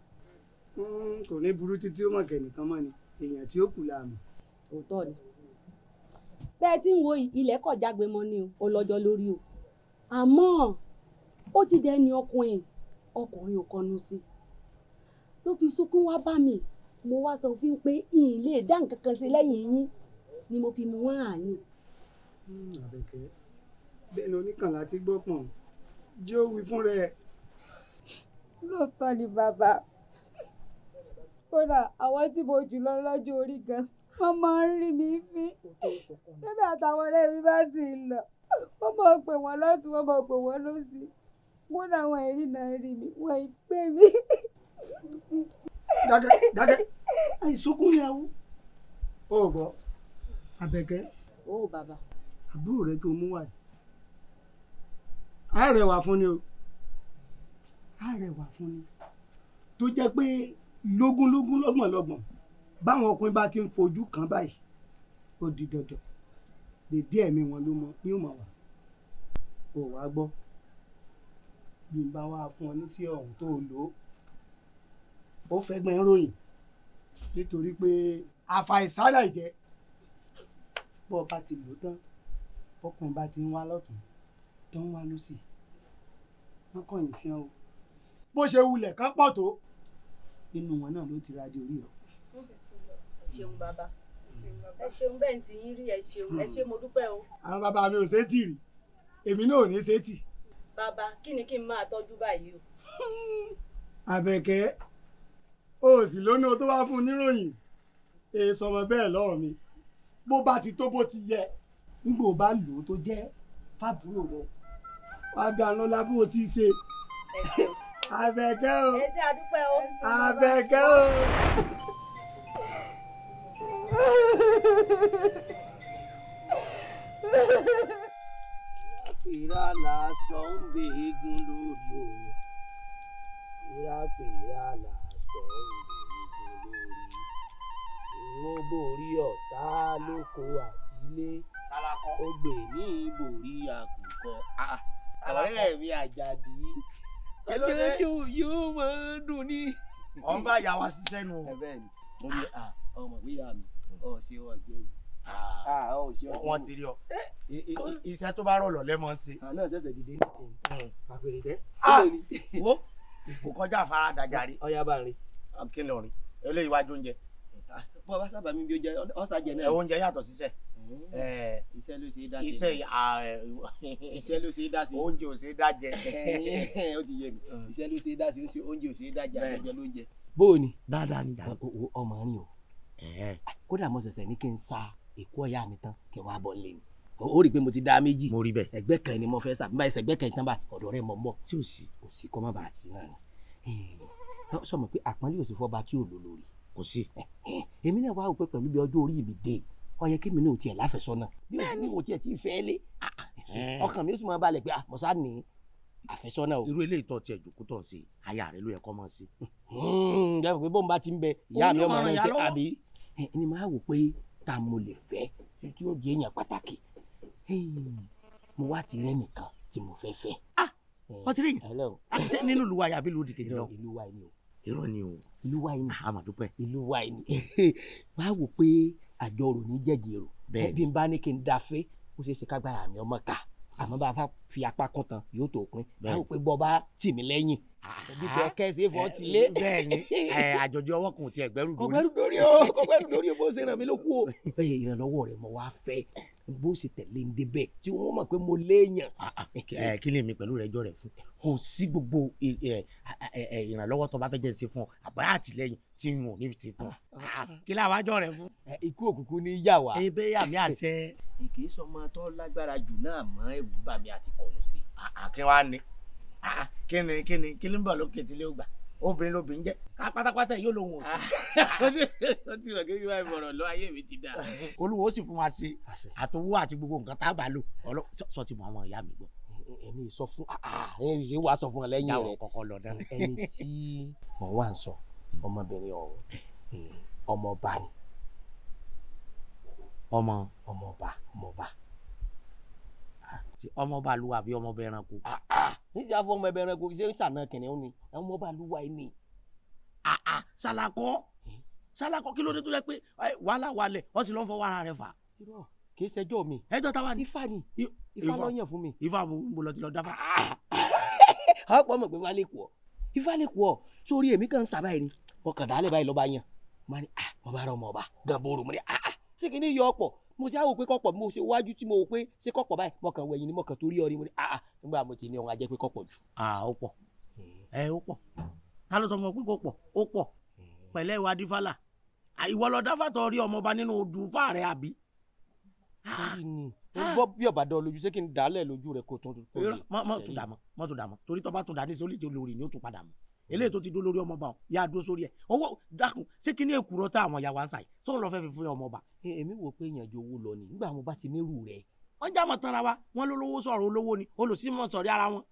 [SPEAKER 1] Hmm, kò ní burú títí ó mọ̀ kẹ́nìkan mọ́ ni èèyàn tí ó kù láàmú òótọ́ ni
[SPEAKER 5] bẹ́ẹ̀ tí ń wo ilẹ̀ kọ̀ jágbe mọ́ ni o lọ́jọ́ lórí o àmọ́
[SPEAKER 4] ó ti dẹni ọkùnrin ọkùnrin ò kọnu sí ló fi sunkún wá bá mi mo wá sọ fún un pé ìyìn lè dá nǹkan kan sí lẹ́yìn yín ni mo fi mú wọn àyìn.
[SPEAKER 1] Hmm, àbẹ̀kẹ́ bẹ́ẹ̀ ni oníkànlá ti gbọ́pọ̀n
[SPEAKER 5] jẹ́
[SPEAKER 4] ó wí fún rẹ̀. lóòótọ́ ni bàbá kódà àwọn tí mo jù lọ lọ́jọ́ orí gan-an wọ́n máa ń rí mi fín bébà àtàwọn ọ̀rẹ́ mi bá sì ń lọ wọ́n máa pè wọ́n lọ́tún wọ́n máa pè wọ́n lọ́sì wọ́n làwọn ẹ̀rí náà rí mi wọ́n ì pè mí.
[SPEAKER 2] dákẹ́
[SPEAKER 1] dákẹ́ àìsókún yàwó ó gbọ́ àbẹ̀kẹ́. ó bàbá. àbúrò rẹ tó mú wà ní. àárẹ̀wà fún ni o àárẹ̀wà fún ni tó jẹ́ pé lógúnlógún lọ́gbọ̀nlọ́gbọ̀n báwọn ọkùnrin bá ti ń fojú kan báyìí ó di dandan dèdè ẹ̀mí wọn ló mọ ní òmò wà ò wá gbọ́ bí n bá wá fún ọ ní sí ọ̀hún tó lò ó ó fẹ́gbẹ́ ròyìn nítorí pé àfàìsádà ìjẹ́ bọ́ ọ bá ti lò tán ọkùnrin bá ti ń wá lọ́tún tó ń wá lọ́sì wọ́n kọ̀yìn sí ọ bó ṣe wulẹ̀ kán pọ̀ tó nínú wọn náà ló ti ra di orí rẹ̀
[SPEAKER 4] ṣeun bàbá ẹ ṣeun bẹ́ẹ̀ tí yín rí ẹ ṣeun ẹ ṣe mo dúpẹ́ o.
[SPEAKER 2] àwọn bàbá mi ò sétí rí èmi náà ò ní sétí.
[SPEAKER 4] bàbá kí ni kí n máa tọ́jú báyìí o.
[SPEAKER 2] àbẹ̀kẹ́ o sì lónìí o tó wá fún un níròyìn èso ọmọ bẹ́ẹ̀ lọ́wọ́ mi bó bá ti tó bó ti
[SPEAKER 1] yẹ nígbà ó bá lò ó tó jẹ́ fábúrò rẹ wàá dáná lábú o ti ṣe. ẹ ṣeun àbẹ̀kẹ́ o
[SPEAKER 5] àbẹ̀kẹ́ o
[SPEAKER 1] ìrapìra làásọ ń gbé eégún lórí o ìrapìra làásọ ń gbé eégún lórí ìwọ́n borí ọ̀tá lóko àtìlé ó gbè ní ìborí àkùkọ ah, ah. ọ̀rẹ́ mi àjàdí ọjọ́jú yóò máa dùn ní. ọ̀n bá yà wá sí sẹ́nu. ẹ bẹ́ẹ̀ ni mo bí ah, ọmọ ìyá mi ọ̀sẹ̀ ọ̀jẹ̀ wọ́n ah. Ah, ti rí ọ eh. iṣẹ́ tó bá rọ̀lọ̀ lẹ́mọ̀ ń ṣe. àná ah, ṣẹ̀ṣẹ̀ dìde nìkan hmm. àpèrè tẹ́. wo kò kọjá àfaradà jàre. ọyá bá rin. kí ni orin eléyìí wájú oúnjẹ. bọ́ bá sábà mi bí oúnjẹ ọ̀sà jẹ náà. Eh, oúnjẹ yàtọ̀ sísẹ̀. Hmm. Eh. iṣẹ́ ló ṣe é dá sí. iṣẹ́ <laughs> iṣẹ́ ló ṣe é dá sí. oúnjẹ ò ṣe é dá jẹ. <laughs> ó ti yé mi hmm. iṣẹ́ ló ṣe é dá sí oúnjẹ ò ṣe é dá jẹ àjẹjẹ lóúnjẹ. bóò ni dáadáa ni ọmọ rin o Ah, kódà mo ṣẹ̀ṣẹ̀ ní kí n sa èkó ọ̀yá mi tán kí n wá bọ̀ lé ni o rí i pé mo ti dá méjì mo rí bẹ́ẹ̀ ẹgbẹ́ kan ni mo fẹ́ sà báyìí ẹgbẹ́ kan tán bá ọ̀dọ̀ rẹ mọ̀ mọ̀ tí ò sí kò sí kọ́ má bàa sí náà ni sọmọ pé àpọ́nlé ò sí fọ́ba tí ò lò lórí kò sí èmi náà wá òpè pẹ̀lú bí ọjọ́ orí mi dé ó yẹ kí mi náà tiẹ̀ láfẹ̀sọ́nà bí o ní mo tiẹ̀ ti fẹ́ lé ah, ah. ọkàn mi ó sì máa balẹ̀ pé àmọ́sá ni àfẹ́sọ́nà o. irú eléyìí tó tiẹ̀ jòkó tó ń ṣe aya rẹ ló yẹ kọ́ mọ́ sí. jẹ́ pé bóun bá ti ń bẹ ìyá mi ọmọ rẹ ń ṣe àbí ẹni máa wò pé ta mo lè fẹ́ tí ó di èèyàn pàtàkì mo wá ti rẹ́ nìkan tí mo fẹ́ fẹ́. ọtí rẹ̀ àti nínú ìlú wa yàbí ìlú òdì kejì lọ. ìlú wa ni o. irọ́ ni o. ìlú wa ni. Ah, a máa dúpẹ́. ìlú wa ni. <laughs> máa wò pé àjọrò ní jẹ̀jẹ̀rò bí n bá ní kí n da ó ṣeé ṣe kágbára mi ọmọ ká àmọ́ bá a fa fi apá kún tán yóò tó pin báwo pé bọ́ bá tì mí lẹ́yìn ah, bí bẹ́ẹ̀ kẹ́sì fọ́ ti lé. Eh, bẹ́ẹ̀ni àjọjọ ọwọ́ kan ò tiẹ̀ gbẹ́rù dórí. o kọgbẹ́rù dórí o bó ṣe ràn mí lókù o. bẹ́ẹ̀ <laughs> ìrànlọ́wọ́ rẹ̀ mo wá fẹ́ bó ṣe tẹ̀lé ń débẹ̀ tí wọ́n mọ̀ pé mo léèyàn. Ah, ah, kí ni èmi pẹ̀lú rẹ jọ rẹ fún kò sí gbogbo ìrànlọ́wọ́ tó bá fẹ́ jẹ́ ṣe fún ọ àbá àtìlẹ́yìn tí n ò ní ṣe fún ọ ah, kí láwa jọ rẹ fún. ikú òkùnkùn ní yà wá. ebe yà mí àṣẹ. èké sọmọ tó lágbára jù náà mọ ẹ̀rù bà mí àti kọnu sí. kí wàá ní kí ni kí ni kí ló ń bọ̀ lókè tí lè gbà obìnrin lobìnrin jẹ́ ká pátápátá yóò lóhun òsì. Ah. <laughs> ó ti wọ̀ kékeré báyìí bọ̀rọ̀ lọ ayé mi ti dà. <laughs> olúwo sì fún wa sí àtòwò àti gbogbo nǹkan tá a bá lò sọ ti mọ àwọn ìyá mi gbọ́. èmi sọ fún ẹni yìí wàá sọ fún ọ lẹ́yìn rẹ ẹni tí mọ̀ wá ń sọ ọmọbìnrin ọ̀hún <laughs> ọmọọba ni. ọmọ ọmọọba ọmọọba. Ah, ah. tí ọmọọba àlùwà àbí ọmọọba ẹranko. níjà fún ọmọ ẹbẹ ẹranko ṣé ń ṣàna kìnìún ni ọmọọba àlùwà ẹ ni. ṣàlàkọ ah, ṣàlàkọ hmm. kí ló dé tó yẹ pé wàhálà wàlẹ wọn sì lọ ń fọ wàrà rẹ fà. kì í ṣẹjọ́ mi. ẹjọ́ táwa ni. ifá ni ifá ló yàn fún mi. ifá bo mo lọ ti lọ dáfà. <laughs> ọ̀pọ̀ mọ̀ pé wàá lè kú ọ ifá lè kú ọ sórí èmi kan ń sàbá ẹni ọkàn dálẹ̀ báyìí lọ́ba yàn. mo bá rọ ọmọ ọba gàbóró mo ní ṣé mo ti àwò pé kọ̀pọ̀ mo ṣe wájú tí mo wò pé ṣé kọ̀pọ̀ báyìí mo kàn wẹ̀yìn ni mo kàn torí ọ̀rẹ́ mo ní àà nígbà mo ti ní ọ̀hún ajẹ́ pé kọ̀pọ̀ jù. àà ó pọ̀ ẹ ó pọ̀ ta ló sọ fún ọ pé kò pọ̀ ó pọ̀ pẹ̀lẹ́ ìwà dífàlà ìwọ lọ dáfàtọ̀ rí ọmọọba nínú odù fáàrẹ̀ àbí. sọ́ọ́rì ni ó ah. gbọ́ bí ọ̀bà dán lójú ṣé kí n dàálẹ̀ lójú rẹ̀ kó tún. mọ́tò dàmọ́ mọ́tò dàmọ́ torí tọ́ bá tún dà ní sọ́lì tó lórí ni ó tún padà mọ́ eléyìí tó ti dó lórí ọmọọba ọ yà á dó sórí ẹ owó dákun ṣé kí ni èkúrọ tá àwọn yàwá ń sàyè sóun lọ fẹ́ fi fún ọmọọba. èmi wò pé ìyànjú owó lọ ni nígbà mo bá ti mérù rẹ. wọ́n já mọ̀ tanra wa wọ́n lólówó sọ̀rọ̀ olówó ni olùsímọ̀ sọ̀rí ara wọn.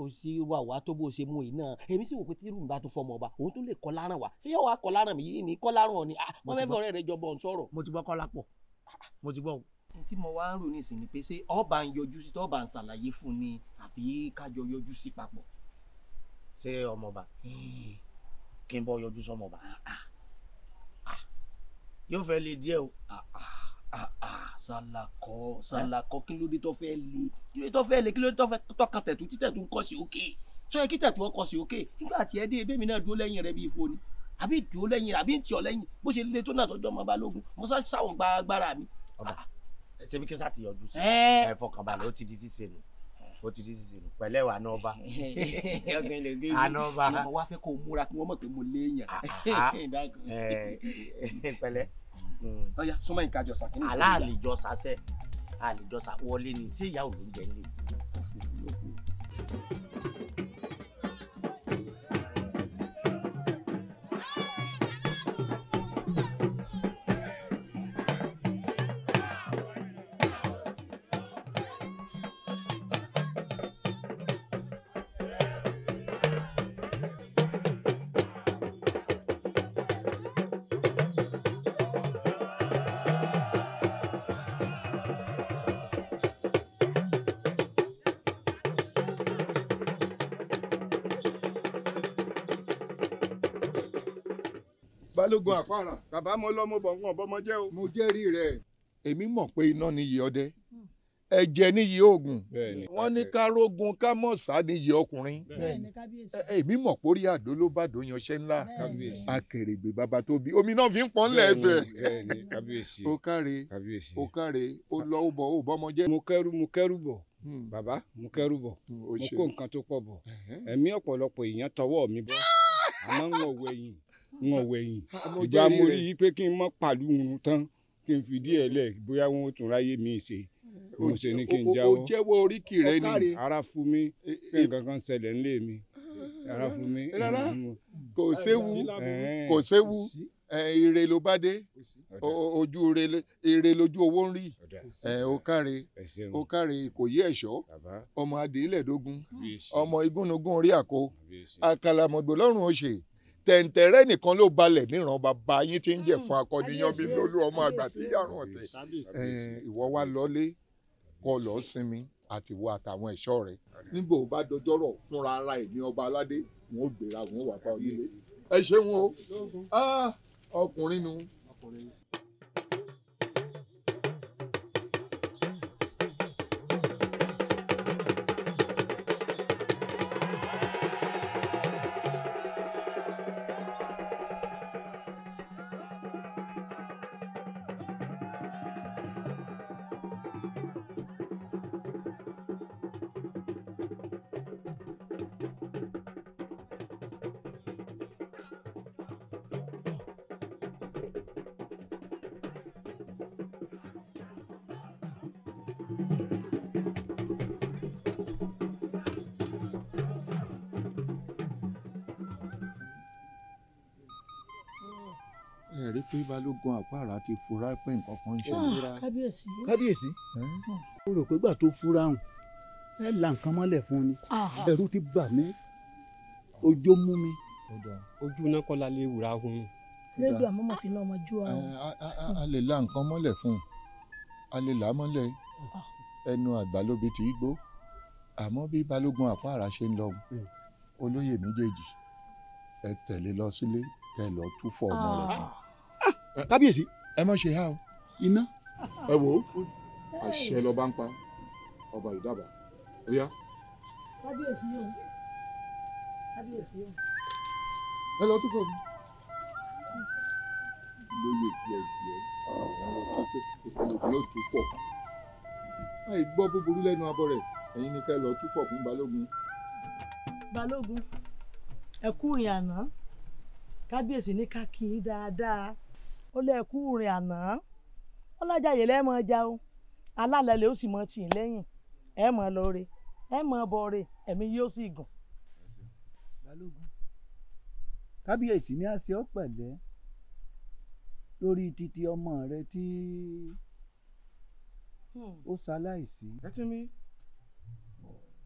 [SPEAKER 1] o sì wà wá tó bó ṣe mú yìí náà èmi sì wò pé tírù mi bá tún fọmọ ọba òun tó lè kọ láràn wa ṣé yóò wá kọ láràn mi yìí ni kọ láràn ọ ni wọn fẹ́ fọ̀rẹ́ rẹ jọbọ sọ̀rọ̀. mo ti gbọ́ kọ́lá pọ̀ mo ti gbọ́ o tí mo wá ń rò nísìnyí pé ṣé ọba ń yọjú sí tọ́ba ń ṣàlàyé fún ni àbí kájọ yọjú sí papọ̀ ṣé ọmọọba kí n bọ yọjú sọmọọba ah, ah. ah. yóò fẹ́ le díẹ̀ o sàlàkọ sàlàkọ kí ló dé tó fẹ́ le kí ló dé tó fẹ́ le kí ló dé tó fẹ́ tọkàn tẹ̀tù títẹ̀tù ń kọ́ sí òkè sọ yẹ kí tẹ̀tù ọkọ̀ sí òkè nígbà tí ẹ dé ebémi náà dúró lẹ́yìn rẹ bí ifo ni àbí dúró lẹ́yìn àbí ń tì ọ́ lẹ́yìn bó ṣe lé tó náà tọ́jú ọmọ balógun mo sáwọn gba mi. ọba ṣebí kí n sá ti yọjú sí ẹ fọkànbalẹ̀ ó ti di ṣíṣe nù o ti di sise nù pẹ̀lẹ́ wa nọba anọba ọmọ wa fẹ́ kó múra kí wọ́n mọ̀ pé mo léèyàn ah, ah, <laughs> ah. pẹ̀lẹ́. ọyà hmm. súnmọ́ ìka jọ̀sà kí ni. aláàlì jọ̀sà sẹ́ àlè jọ̀sà wọlé ni tí ìyá òun jẹ́ lè.
[SPEAKER 6] balógun àpárá. bàbá mo lọ mo bọ̀ wọn bọ́ mo jẹ́ o. mo jẹ́rìí rẹ̀. èmi mọ̀ pé iná níyì ọdẹ hmm. ẹ̀jẹ̀ níyì oògùn wọ́n ní ká rógun ká mọ̀ sá níyì ọkùnrin èmi mọ̀ pórí àdó ló bá dó yanṣẹ́ ńlá akèrègbè bàbá tó bí omi náà fi ń pọ́n lẹ́ẹ̀fẹ̀ ó káre
[SPEAKER 3] ó káre ó lọ ó bọ̀ ó bọ́ jẹ́. mo kẹ́rù mo kẹ́rù bọ̀ hmm. bàbá mo kẹ́rù bọ̀ hmm, mo kó nǹkan tó pọ̀ bọ̀ ẹ̀mí ọ̀pọ̀lọpọ̀ èèyàn tọwọ́ mi bọ́ àmọ́ ń wọ̀ wẹ̀yìn n ò wẹ̀yìn ìgbà mo rí i pé kí n mọ́ pàlú òun tán kí n fìdí ẹ̀ lẹ̀ bóyá wọn ò tún ráyè mí ṣe òun ṣe ni kí n jáwọ́ o jẹ́wọ́ oríkì rẹ ni ara fún mi e, pé e, nǹkan kan ṣẹlẹ̀ nílé mi ara fún mi. rárá kò séwu
[SPEAKER 6] kò séwu ire ló bá dé ojú ire lójú owó ń rí o káre ó káre kò yí ẹ̀ṣọ́ ọmọ adìyẹ lẹ́ẹ̀dógún ọmọ igúnnugún orí àkó àkàlàmọ̀gbò lọ́rùn ọ̀ṣẹ́ tẹ̀ǹtẹ̀rẹ́ nìkan ló balẹ̀ níran bàbá yín ti ń jẹ́ hmm. fún akọ́niyàn bíi lólú ọmọ àgbà tí yàrá ọ̀tẹ̀ ìwọ wa lọlé kọ lọ sinmi àtiwọ àtàwọn ẹ̀ṣọ́ rẹ̀. nígbà ó bá dọjọ́rọ̀ fúnra ara ẹ̀ ní ọba aládé wọn ò gbéra wọn ò wà pa onílé ẹ ṣeun o ah, ọkùnrin nu. rí pé balógun àpárá ti fura pé nǹkan kan ń ṣe. Ah,
[SPEAKER 4] kábíyèsí. kábíyèsí. Ah.
[SPEAKER 6] o rò pé gbà tó fura hàn ẹ la nǹkan mọ́lẹ̀ fún ni ah. ẹ̀rù ti bà mí ọjọ́ mú mi. ojú iná kọ́ la lè wúra hun. lẹ́dùn
[SPEAKER 4] àmọ́mọ́ fi náà mọ ju àwọn.
[SPEAKER 6] a lè la nǹkan mọ́lẹ̀ fún un a lè là á mọ́lẹ̀ ẹnu àgbàlóbi ti í gbó àmọ́ bí balógun àpáàrà ṣe ń lọ́hùn hmm. olóyè méjèèjì ẹ tẹ̀lé lọ sílé kẹ lọ túfọ̀ ọmọ rẹ kan. Ah. Ah, kábíyèsí ẹ má ṣe há o iná. ẹ wo àṣẹ lọba ń pa ọba ìdábà ó yá.
[SPEAKER 5] kábíyèsí o kábíyèsí o.
[SPEAKER 6] ẹ lọ túfọ̀ mi lóye díẹ̀ díẹ̀ àwọn ọmọ tó pé èyí yóò túfọ̀. láì gbọ́ búburú lẹ́nu lenu ẹ̀yin ni ká lọ túfọ̀ fún balógun.
[SPEAKER 4] balógun ẹ kú àná
[SPEAKER 1] kábíyèsí ní ká kí i dáadáa ó lé ẹ kú ìrìn o si lè ó sì mọ tì í lẹ́yìn ẹ mọ lọre ẹ mọ bọre ẹ̀mí yóò sì gùn. balógun kábíyèsí ní ọ pẹlẹ lórí títí ọmọ rẹ tí. ó ṣaláìsí. ẹ ti mi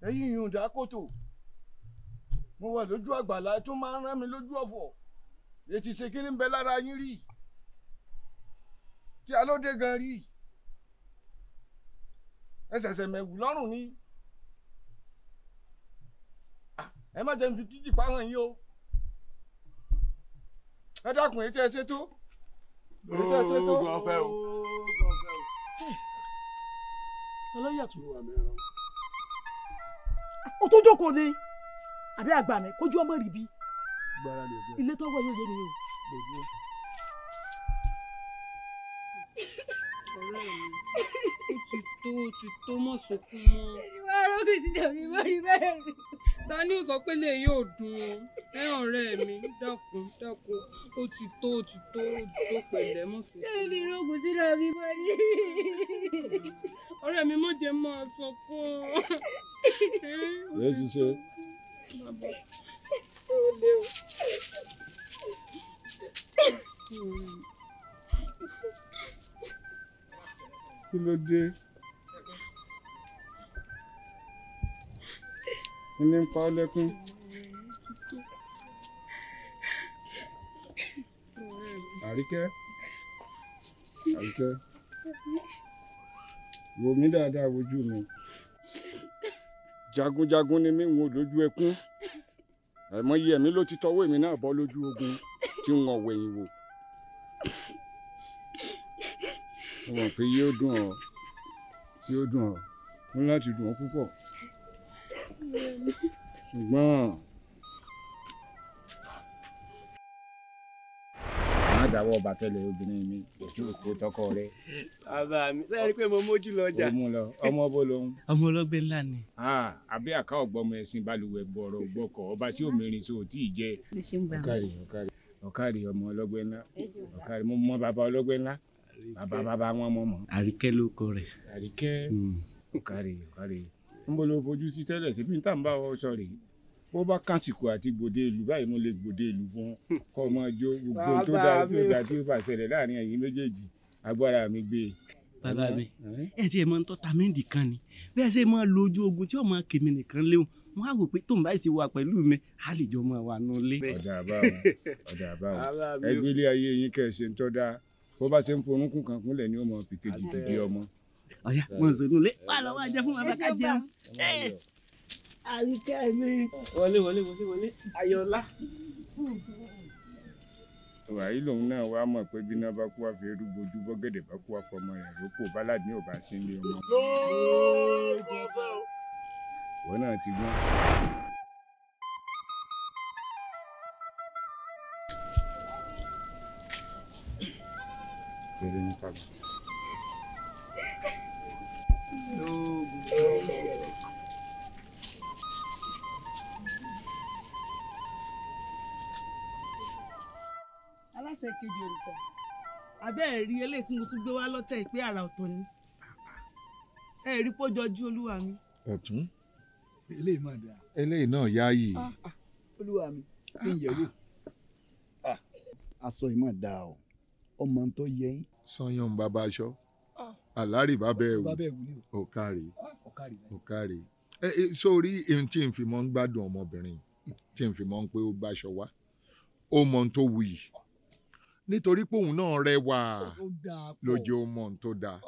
[SPEAKER 1] ẹyin yìnyín
[SPEAKER 2] dá kòtò mo wà lójú àgbàlá tó máa ń rán mi lójú ọ̀fọ̀ ètí ṣèkínní ń bẹ lára yín rí tí alóde gan rí ẹ ṣẹ̀ṣẹ̀ mẹ̀wù lọ́rùn ni ah, ẹ má jẹ́ n fi kíjì pa hàn yín o ẹ dákun ètí ẹ ṣètò ètí ẹ ṣètò
[SPEAKER 1] ọlọ́yàtọ̀. o tó jókòó ni àbí àgbà mi kójú ọmọ rìbí ilé tọ́wọ́ yóò yé mi o.
[SPEAKER 4] ọ̀rẹ́ mi ó ti tó ó ti tó mọ̀ sókun mọ́. ẹni wàá rọ́ọ̀kì sílẹ̀ mi wọ́n bẹ́ẹ̀ mi ta ni ó sọ pé lè yóò dùn o ẹ ọ̀rẹ́ mi dákun dákun ó ti tó ó ti tó ó ti tó pẹ̀lẹ́ mọ sọ. ṣé ibi ìrógùn síra mi mọ ni. ọ̀rẹ́ mi mo jẹ máa sọ kó.
[SPEAKER 3] <laughs> lè ṣiṣẹ́.
[SPEAKER 4] ó lé o.
[SPEAKER 2] Hmm.
[SPEAKER 3] kí ló dé. ní ń pa ọ́ lẹ́kún. àríkẹ́ àríkẹ́ Wo mí dáadáa wojú mi jagunjagun ni mí ń wò lójú ẹkún àìmọye ẹ̀mí ló ti tọwọ́ èmi náà bọ́ lójú ogun tí ń wọ̀n wẹ̀yìn wò wọ́n pé yóò dùn ọ́ yóò dùn ọ́ ní láti dùn ọ́ púpọ̀ ṣùgbọ́n. má dáwọ́ bàtẹ́lẹ̀ obìnrin mi èsì òkú tọkọ rẹ. bàbá mi sẹ́yìn rí pé mo mójú lọ́jà. òun lọ ọmọ bó lòun.
[SPEAKER 1] ọmọ ọlọ́gbẹ́ ńlá ni.
[SPEAKER 3] àbí àká ọ̀gbọ́mọ ẹ̀sìn balùwẹ̀ bọ̀rọ̀ ògbọ́kọ̀ ọba tí òmìnirin tó tí ì jẹ. ọ̀kàrí ọ̀kàrí ọ̀kàrí ọmọ ọlọ́gbẹ́ ńlá ọ̀kàrí mo mọ bàbá ọlọ́gbẹ́ ńlá bàbá bàbá wọn mọ̀ mọ́.
[SPEAKER 1] àríkẹ́ ló kọ rẹ̀.
[SPEAKER 3] àríkẹ́ ọ̀kàrí hmm. ọ̀kàrí ń bọ́ ló fojú sí tẹ́lẹ̀ síbi tá à ń bá ọ sọ rèé bó bá kásìkò àti gbòde ìlú báyìí mo lè gbòde ìlú fún ọmọ ọjọ́ gbogbo tó dáa tó dáa tó bá ṣẹlẹ̀ láàrin ẹ̀yin méjèèjì agbára mi gbé e. bàbá mi
[SPEAKER 1] ẹ tiẹ̀ máa ń tọ́ta mí nìkan ni bẹ́ẹ̀ ṣe máa lo ojú ogun tí ọmọ kèmí nìkan léwu
[SPEAKER 3] wọn á rò pé tóun báyìí ti wà pẹ̀lú mi á lè jọ máa wà nù lé. ọ̀dà àbáwọ̀ ọ̀dà àbáwọ̀ ẹgbẹ́ ilé ayé yín kẹ́ ẹ ṣe ń tọ́ da ọ̀yá mo ń sọnù lé
[SPEAKER 1] wà lọ́wọ́ ajẹ́ fún bàbá ká jẹun.
[SPEAKER 4] àríkẹ́ mi.
[SPEAKER 1] wọlé wọlé wọlé wọlé ayọ̀lá.
[SPEAKER 3] wàyí lòun náà wàá mọ̀ pé bí iná bá kú wá fi eru bojú bọ́gẹ̀dẹ̀ bá kú wá fọmọ rẹ̀ lóko báládì ò bá sí ilé ọmọ. wọn náà ti gbọ́n. Thank
[SPEAKER 4] aláṣẹ
[SPEAKER 1] kejì òrìṣà abẹ́ ẹ̀ rí eléyìí tí mo tún gbé wá lọ́tẹ̀ ìpé àrà ọ̀tọ̀ ni ẹ rí pójọjú olúwa mi.
[SPEAKER 6] ọ̀tún. eléyìí máa dáa. eléyìí náà yáàyè. Ah, ah. olúwa mi kí n yẹ̀wò. Ah. aṣọ yìí máa dáa o ọmọ tó yẹ yín. sọyàn bàbá aṣọ alárì ah. bá bẹ́ẹ̀ wù ọ̀kàrì ọ̀kàrì ah, sórí ohun tí n fi mọ́ ń gbádùn ọmọbìnrin tí n fi mọ́ ń pé ó gbàṣọ wá ó mọ ohun tó wuyì nítorí pé òun náà rẹwà lójú ó mọ ohun tó dáa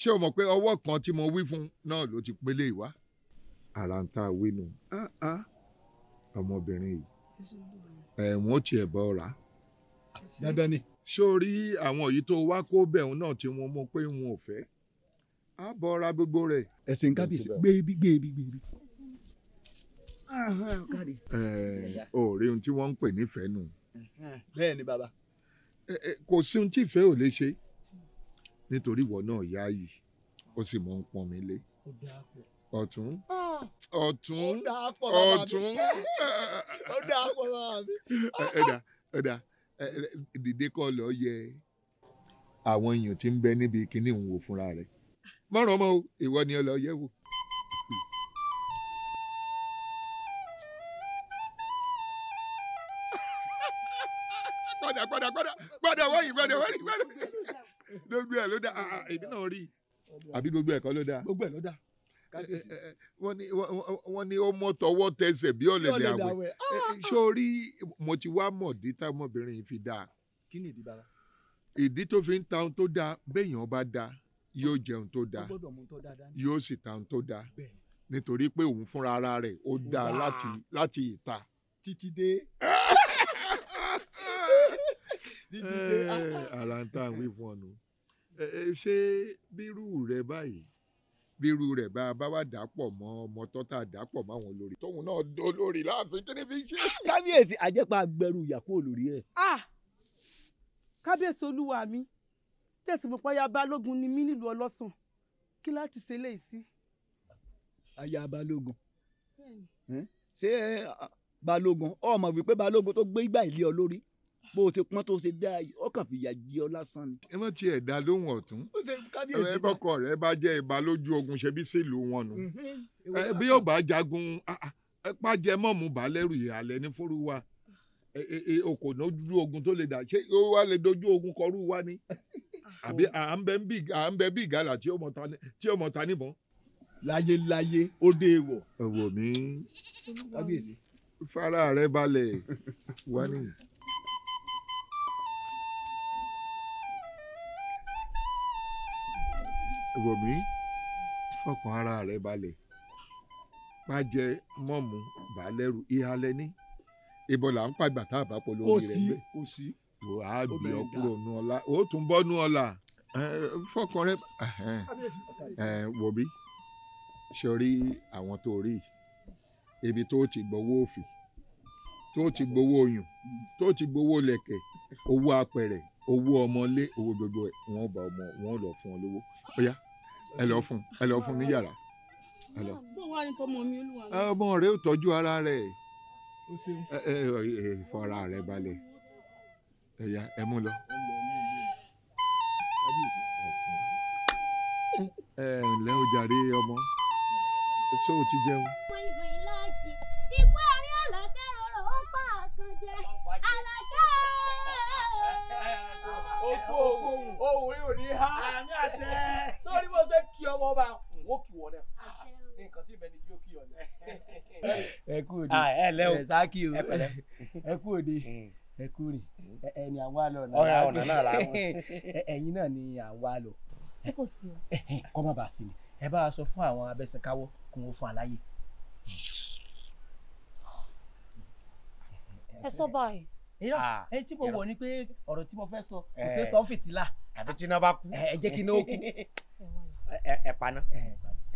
[SPEAKER 6] ṣé o mọ̀ pé ọwọ́ kan tí mo wí fún náà ló ti pélé ìwá ara ń tá a nù ah, ọmọbìnrin yìí ẹ̀wọ̀n ó tiẹ̀ bọ́ ra. dandan ni ṣó àwọn èyí tó wá kó bẹ̀rùn náà tí wọ́n mọ̀ pé wọn ò fẹ́ á bọ̀ gbogbo rẹ̀. ẹ̀sìn kábíyèsí gbèbí gbèbí gbèbí. ò rí ohun tí wọ́n ń pè nífẹ̀ẹ́ nù. bẹ́ẹ̀ ni bàbá. kò sí ohun tí ìfẹ́ ò lè ṣe nítorí ìwọ náà yá yìí ó sì mọ̀ ń pọ́n mi lé ọ̀tún ọ̀tún ah! ọ̀tún. ó dáa pọ̀ bàbá mi. ẹ̀dá ẹ̀dá dìde kọ́ lọ yẹ àwọn èèyàn tí ń bẹ níbi kíní ń wò fúnra rẹ̀ mọ̀ràn ọmọ ìwọ ni ọ lọ yẹ wò. padà padà padà padà wáyé padà wáyé padà gbogbo ẹ ló dáa ah, ah, èmi náà rí àbí gbogbo ẹ kọ́ ló dáa. gbogbo ẹ ló dáa. Eh, eh, eh, wọ́n ní ó mọ́ tọwọ́ tẹsẹ̀ bí ọ̀lẹ̀lẹ̀ àwẹ̀ sórí ah, ah. mo ti wá mọ̀ dítà ọmọbìnrin yìí fi dáa. kí ni ìdí bàbá. ìdí tó fi ń ta ohun tó da béèyàn bá dáa yóò jẹun tó dáa yóò sì ta ohun tó dáa nítorí pé òun fúnra ara rẹ̀ ó dáa láti ìta. títí dé <laughs> ara ń tà wí fún ṣé bírú rẹ báyìí bírú rẹ̀ bá a bá wà dàpọ̀ mọ́ ọmọ tọ́ta dàpọ̀ mọ́ àwọn olórí tóun náà dó lórí láàfin kí ni fi ṣe. Ah, kábíyèsí àjẹpà gbẹrù ìyàkó olórí ẹ. Ah,
[SPEAKER 1] kábíyèsí olúwa mi tẹ̀sí mo pa yaba lógun ni mí nílùú ọlọ́sàn kí láti ṣe léyìí sí.
[SPEAKER 6] aya balógun ṣé ah, balógun ọmọ wípé balógun tó gbé ìgbà ìlé ọ lórí bó o ṣe pọ́n tó ṣe dá yìí ọkàn fìyà jẹ ọ lásán ni. ẹ má tiẹ̀ dá lóhùn ọ̀tún ẹ bọ́kọ rẹ bá jẹ́ ìbá lójú ogun ṣe bí sílùú wọn nù
[SPEAKER 4] mhm.
[SPEAKER 5] bí
[SPEAKER 6] yóò bá jagun pàjẹ́ mọ́mú balẹ̀rù ìhàlẹ́ ní fóruwa okò lójú ogun tó lè dà ṣé o wá lè dojú ogun kọrú wa ni <laughs> àbí à ń bẹ bí ìgalà tí ó mọ̀ ta níbọn láyé láyé ó dé ewọ. ẹ wò mí fara rẹ balẹ̀ wá nìyí. Rọ̀mí fọkàn ara rẹ balẹ̀ má jẹ mọ́mú bàálẹ́rù ìhàlẹ́ ní ìbọn là ń pàgbà tá a bá polówó rẹ bẹ́ẹ̀ kò sí wò á gbé ọ kúrò nù ọ̀la ó tún bọ́ nù ọ̀la fọkàn rẹ wò bí sọrí àwọn tó rí ibi tó ti gbowó òfì tó ti gbowó oyún tó ti gbowó lẹ̀kẹ̀ owó apẹ̀rẹ̀ owó ọmọlé owó gbogbo ẹ̀ wọ́n bá ọmọ wọn lọ fún ọ lówó ọ̀yá ẹ lọ fún ẹ lọ fún ní yàrá. ọmọ rẹ ò tọ́jú ara rẹ̀ fọra rẹ balẹ̀ ẹ̀yà ẹ mú lọ. ẹ ǹlẹ́ o jàre ọmọ ṣó o ti jẹun.
[SPEAKER 4] ìgbà
[SPEAKER 1] ohun ohun òní ha. àmì àtẹ bá fẹ́ kí ọmọ ọba wò kí wọ náà ah, nǹkan tí ìbẹni tí ó kí ọ ẹ kú òde ah, ẹ o sáàkì o ẹ kú òde hmm. ẹ kú rìn ẹni àwọn àlọ náà ọ̀nà náà la <laughs> ẹ̀yin náà ni àwọn àlọ. ṣé kò sí o. <laughs> kọ́ má bàa sí mi ẹ bá a sọ fún àwọn abẹ́sẹ̀káwọ́ kí wọ́n fún aláyè. ẹ sọ báyìí èyàn èyí ah, tí mo wọ̀ ni pé ọ̀rọ̀ tí mo fẹ́ sọ kò sí eh. sọ fìtílà. àbí tí iná bá kú. Eh, ẹ jẹ́ kí iná ó kú. <laughs> ẹ paná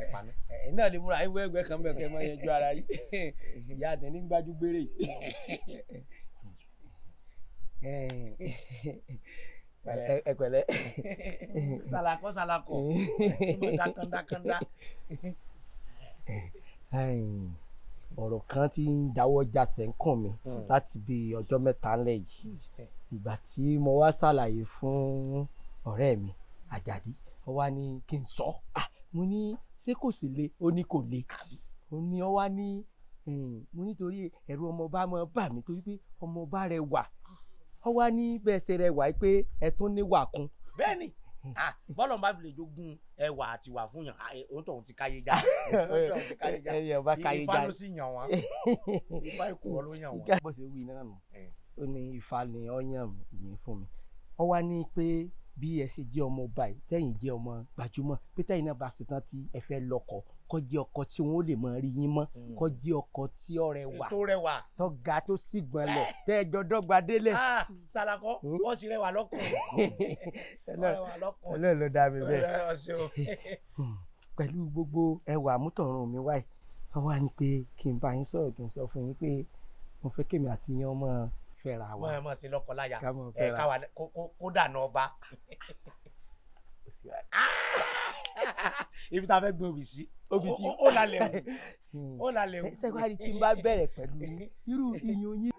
[SPEAKER 1] ẹ paná. ẹ náà ni múra ẹgbẹ́ ẹgbẹ́ kan bẹ́ẹ̀ kẹ́ mọ ẹyẹjú ara yìí ìyá àtẹ ní gbájú gbére ẹ pẹ̀lẹ́. salakọ salakọ dakandakanda. ọ̀rọ̀ kan tí ń dáwọ́ jasẹ̀ ń kàn mí hmm. láti bí ọjọ́ mẹ́ta ńlẹ̀ yìí hmm. ìgbà tí mo wá ṣàlàyé fún ọ̀rẹ́ mi Àjàdí ó wá ní kí n sọ mo ní ṣé kò sì le ó ní kò le ó ní ó wá ní mo nítorí ẹ̀rù ọmọọba máa bà mí torí pé ọmọọba rẹ wà ó wá ní bẹ́ẹ̀ ṣe rẹ wà pé ẹ tún ní wà kún. bẹ́ẹ̀ni bọ́lọ̀ bá lè jogún ẹwà àti wà fún yàn òun tóun ti káyé já òun ti káyé já ìfá <laughs> ló sì yàn wọn ìfá <laughs> ikú wọn ló yàn wọn. bó ṣe wí náà nù ó ní ìfá ni ó yàn mí fún mi ó wá ní pé bí ẹ ṣe jẹ́ ọmọ báyìí tẹ́yìn jẹ́ ọmọ gbajúmọ̀ pé tẹ́yìn náà bá ṣetán tí ẹ fẹ́ lọ́kọ kó jẹ́ ọkọ tí wọ́n lè máa rí yín mọ́ hmm. kó jẹ́ ọkọ tí ó rẹwà tó rẹwà tó ga tó sì gbọ̀nlẹ̀ tẹ́ ẹ jọ dọ́gba délẹ̀. sàlàkọ ah, wọn hmm? sì rẹwà lọ́kùnrin. <laughs> ọlọ́run ló dá mi bẹ́ẹ̀. Hmm. pẹ̀lú gbogbo ẹwà àmútọ̀run mi wáyé wọ́n wá ní pé kí n bá yín sọ̀rọ̀ kí n sọ fún yín pé mo fẹ́ kémi àti yín ọmọ fẹ́ra wa. mọ̀ ẹ́ mọ̀ sí lọ́kọláya ẹ̀ káwa kó dànù ọba. ibi tá a fẹ́ gbin obì sí obì tí ó lálẹ́ o ó lálẹ́ o. sẹ́kọ̀rì hmm. tí n bá bẹ̀rẹ̀ pẹ̀lú irú iyùn yín.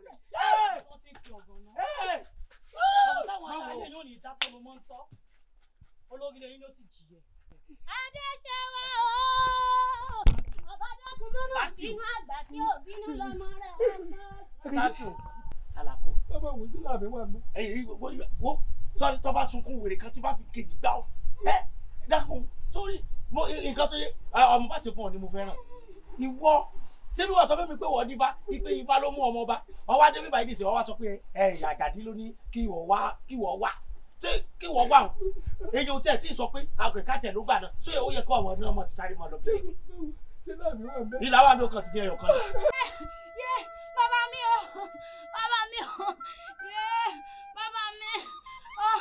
[SPEAKER 4] Adéṣewà ooo, ọba dákun mọ́nà bínú àgbà tí ò lọ́mọ rẹ̀
[SPEAKER 1] ọmọ sálàkó. bàbá wo sí làbẹ wà mí. ẹyìn wo sọrí tó sunkún wèrè kan tí bá fi kejì gbá ọ ẹ dákun sórí nǹkan tó yẹ ọmọ bá ti fún ọ ni mo fẹ́ràn ìwọ ṣebí wọ́n sọ fún mi pé wọ́n ní bá ipe ifá ló mú ọmọ ọba ọwọ́ adé bíbá yìí dì sí ọwọ́ sọ pé ẹ ìyàgàdí ló ní kí wọ́n wá kí wọ́n wá kí wọ́n wá òun èyí ò tẹ̀ tí ì sọ pé àgbẹ̀ káàtẹ̀ ló gbà náà sọ èyí ó yẹ kó ọmọ ní ọmọ ti sáré mọ́ lọ bí ìlà wà ló kàn ti di ẹyọ kan
[SPEAKER 4] bàbá mi o bàbá mi o yéé bàbá mi o.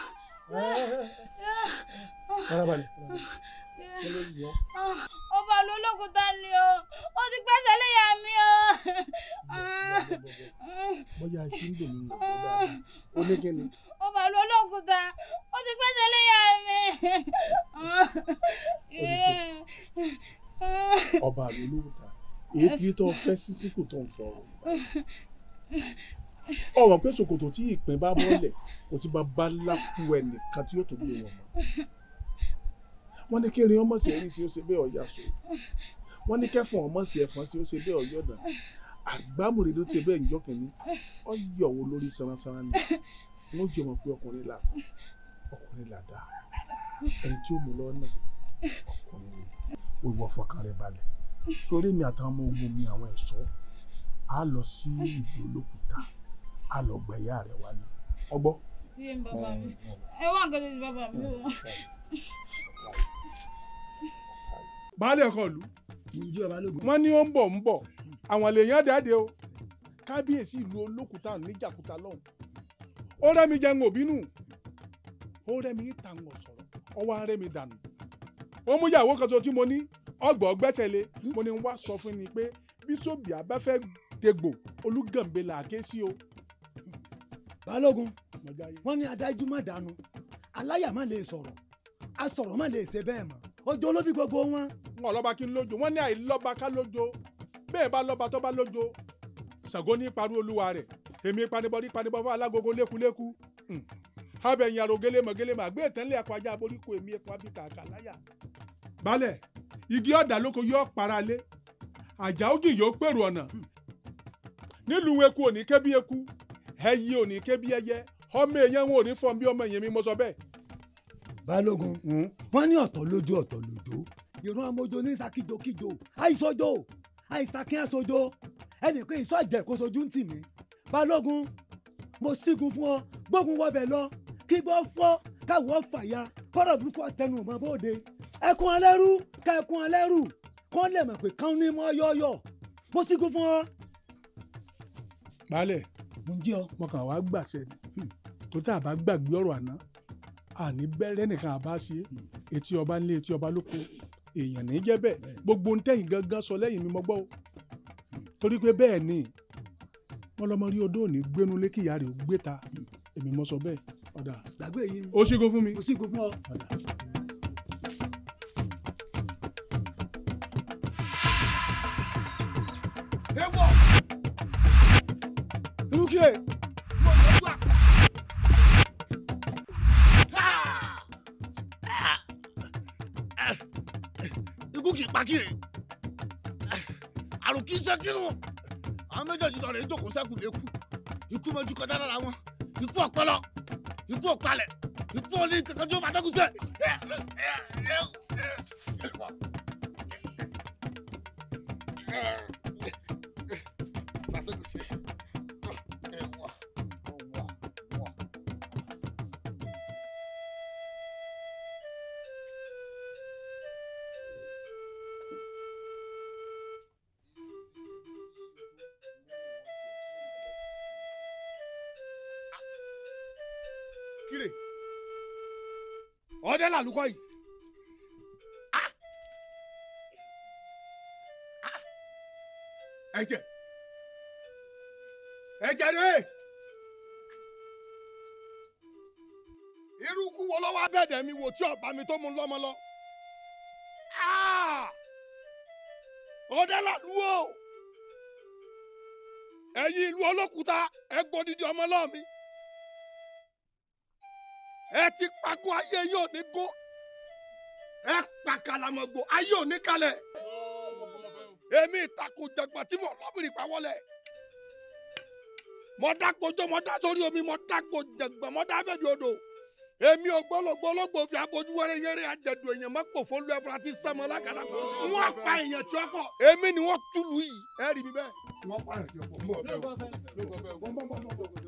[SPEAKER 6] farabalẹ̀ farabalẹ̀
[SPEAKER 4] ọba olólùkù tá ni o ó ti gbẹ́sẹ̀ léyà mi o.
[SPEAKER 2] bóyá kí n dè mí ọba ó ní ni.
[SPEAKER 4] ọba olólùkù tá ti gbẹ́sẹ̀ léyà mi.
[SPEAKER 2] ọba olólùkù èédìí tó fẹ́ sí síkù tó ń fọ <laughs> ọ̀rọ̀ pé ṣòkòtò tí ìpín bá mọ́lẹ̀ kò sí bàbá lápú ẹnìkan tí yóò tó gbé wọn mọ́ wọ́n ní kérin ọmọ sí ẹni sí ó ṣe bẹ́ẹ̀ ọ̀yà sọ wọ́n ní kẹfọ́n ọmọ sí ẹ̀fọn sí ó ṣe bẹ́ẹ̀ ọ̀yọ́ dàn àgbámúre ló ti bẹ́ẹ̀ njọ́ kìíní ọ̀yọ̀ wo lórí sanransanran ni wọ́n jẹ́ wọn pé ọkùnrin là ọkùnrin là dáa ẹni tí ó mú lọ́ọ́ náà ọkùnrin ni ó wọ fọkàn balẹ̀. torí mi àtàwọn ọmọ ogun mi àwọn ẹ̀ṣọ́ a lọ sí ìlú olókùúta a lọ gba ìyá rẹ wá ní ọgbọ́. bàbá ẹ
[SPEAKER 4] wá nǹkan tó ti bàbá mi o.
[SPEAKER 2] baálé ọkọ ìlú wọn ní ó ń bọ̀ ń bọ̀ àwọn lèèyàn dáde o kábíyèsí ìlú olókùúta níjàkúta lọ́hùn ó rẹ́mi jẹun òbínú ó rẹ́mi ìtàn ọ̀sọ̀rọ̀ ọwọ́ rẹ́mi dànù. wọ́n mú ìyàwó kan tó tí mo ní ọgbọ̀n gbẹ́sẹ̀lé mo ní wá sọ fún ni pé bíṣọ̀bù abáfẹ́ tegbò olúgànbẹ là ké sí o. balógun wọ́n ní adájú má dànù aláyà má lè sọ̀rọ̀ asọ̀rọ̀ má lè ṣe bẹ́ẹ̀ mọ́ ọjọ́ olóbi gbogbo wọn. wọn lọ́ba kí n lójo wọ́n ní àìlọ́ba ká lójo bẹ́ẹ̀ bá lọ́ba tó bá lójo Ṣàngó ní parú olúwa rẹ̀ èmi panibọ́rí panibọ́ fún alágogo lékuléku hmm abẹ̀yìn àrògélé mọ̀gélé mà gbé ìtẹ́lẹ̀ ẹ̀kọ́ ajá aboríko èmi ẹ̀kọ́ abíkà àkàláyà. balẹ̀ igi ọ̀dà lóko yóò para lé àjà ògì yóò pèrò ọ̀nà nílùú eku òní kébí eku ẹyẹ òní kébí ẹyẹ ọmọ èèyàn wọn ò ní fọ́n bí ọmọ èèyàn mi mo sọ bẹ́ẹ̀.
[SPEAKER 1] balógun hmm? wọn ní ọ̀tọ̀ lójú ọ̀tọ̀ lójú ìran amójó ní àìsójó àìsàkín àsójó ẹnìkan ìsọ̀jẹ̀ ń tì mí balógun mo sígun fún ọ gbógun wọbẹ̀ lọ kí bọ́ fọ́ káwọ́ fàya kọ́rọ̀ burúkú àtẹnu ọmọ bóde ẹkún alẹ́rú ká ẹkún alẹ́rú kọ́ lè mọ̀ pé káwọn ní mọ́ yọ̀ọ̀yọ̀ bó sì kú fún ọ.
[SPEAKER 2] baálẹ̀ mo ń jí ọ mo kàn wá gbàṣẹ ni hmm. tó tá a bá gbàgbé ọ̀rọ̀ àná àní bẹ̀rẹ̀ nìkan àbá ṣe etí ọba nílé etí ọba lóko èèyàn ní jẹ́ bẹ́ẹ̀ gbogbo ń tẹ̀yìn gangan sọ lẹ́yìn mi mo gbọ́ o torí pé bẹ́ẹ̀ ni wọ́n lọ́mọ rí odó òní gbénu lékìyà rẹ̀ gbé ta èmi mo sọ bẹ́ẹ̀ ọ̀dà gbàgbé yìí o ṣígun fún mi o ṣígun fún ọ. ewọ irúkìlẹ̀ mo lè gbà.
[SPEAKER 1] ikú kì í pa kiri àrùn kì í ṣe kírun àwọn méjèèjì lọ rè é jókòó sẹ́kù lẹ́kù ikú mọ́jú kọjá lára wọn ikú ọ̀pẹ lọ. இப்போ
[SPEAKER 2] àlùkò yìí. Ah! Ah! ẹ̀jẹ̀ ẹ̀jẹ̀ rẹ̀ irúkú wo lọ́wọ́ mi wò tí ọ̀bá mi tó mu lọ́mọ lọ. ọ̀dẹ́ ah! làlú o ẹ̀yin ìlú olókùúta ẹ̀ gbọ́dídì ọmọ mi ẹ ti pako ayé yín ò ní gún ẹ pa kalamọgbò ayé ò ní kalẹ̀ èmi ìtakùn jẹgbà tí mo lọ́bìrì
[SPEAKER 6] pa wọlé mo dágbójó mo dá sórí omi mo dágbó jẹgbà mo dá bẹ́ẹ̀ di odò èmi ògbólógbó ológbò fi abojú wẹrẹ yẹrẹ àjẹdù èèyàn má pò fọlú
[SPEAKER 2] ẹ fúnra tí sẹmọ lákàlà wọn pa èèyàn tí wọn pọ èmi ni wọn túlù yìí ẹ mi bẹ́ẹ̀.
[SPEAKER 6] wọn pa èèyàn tí wọn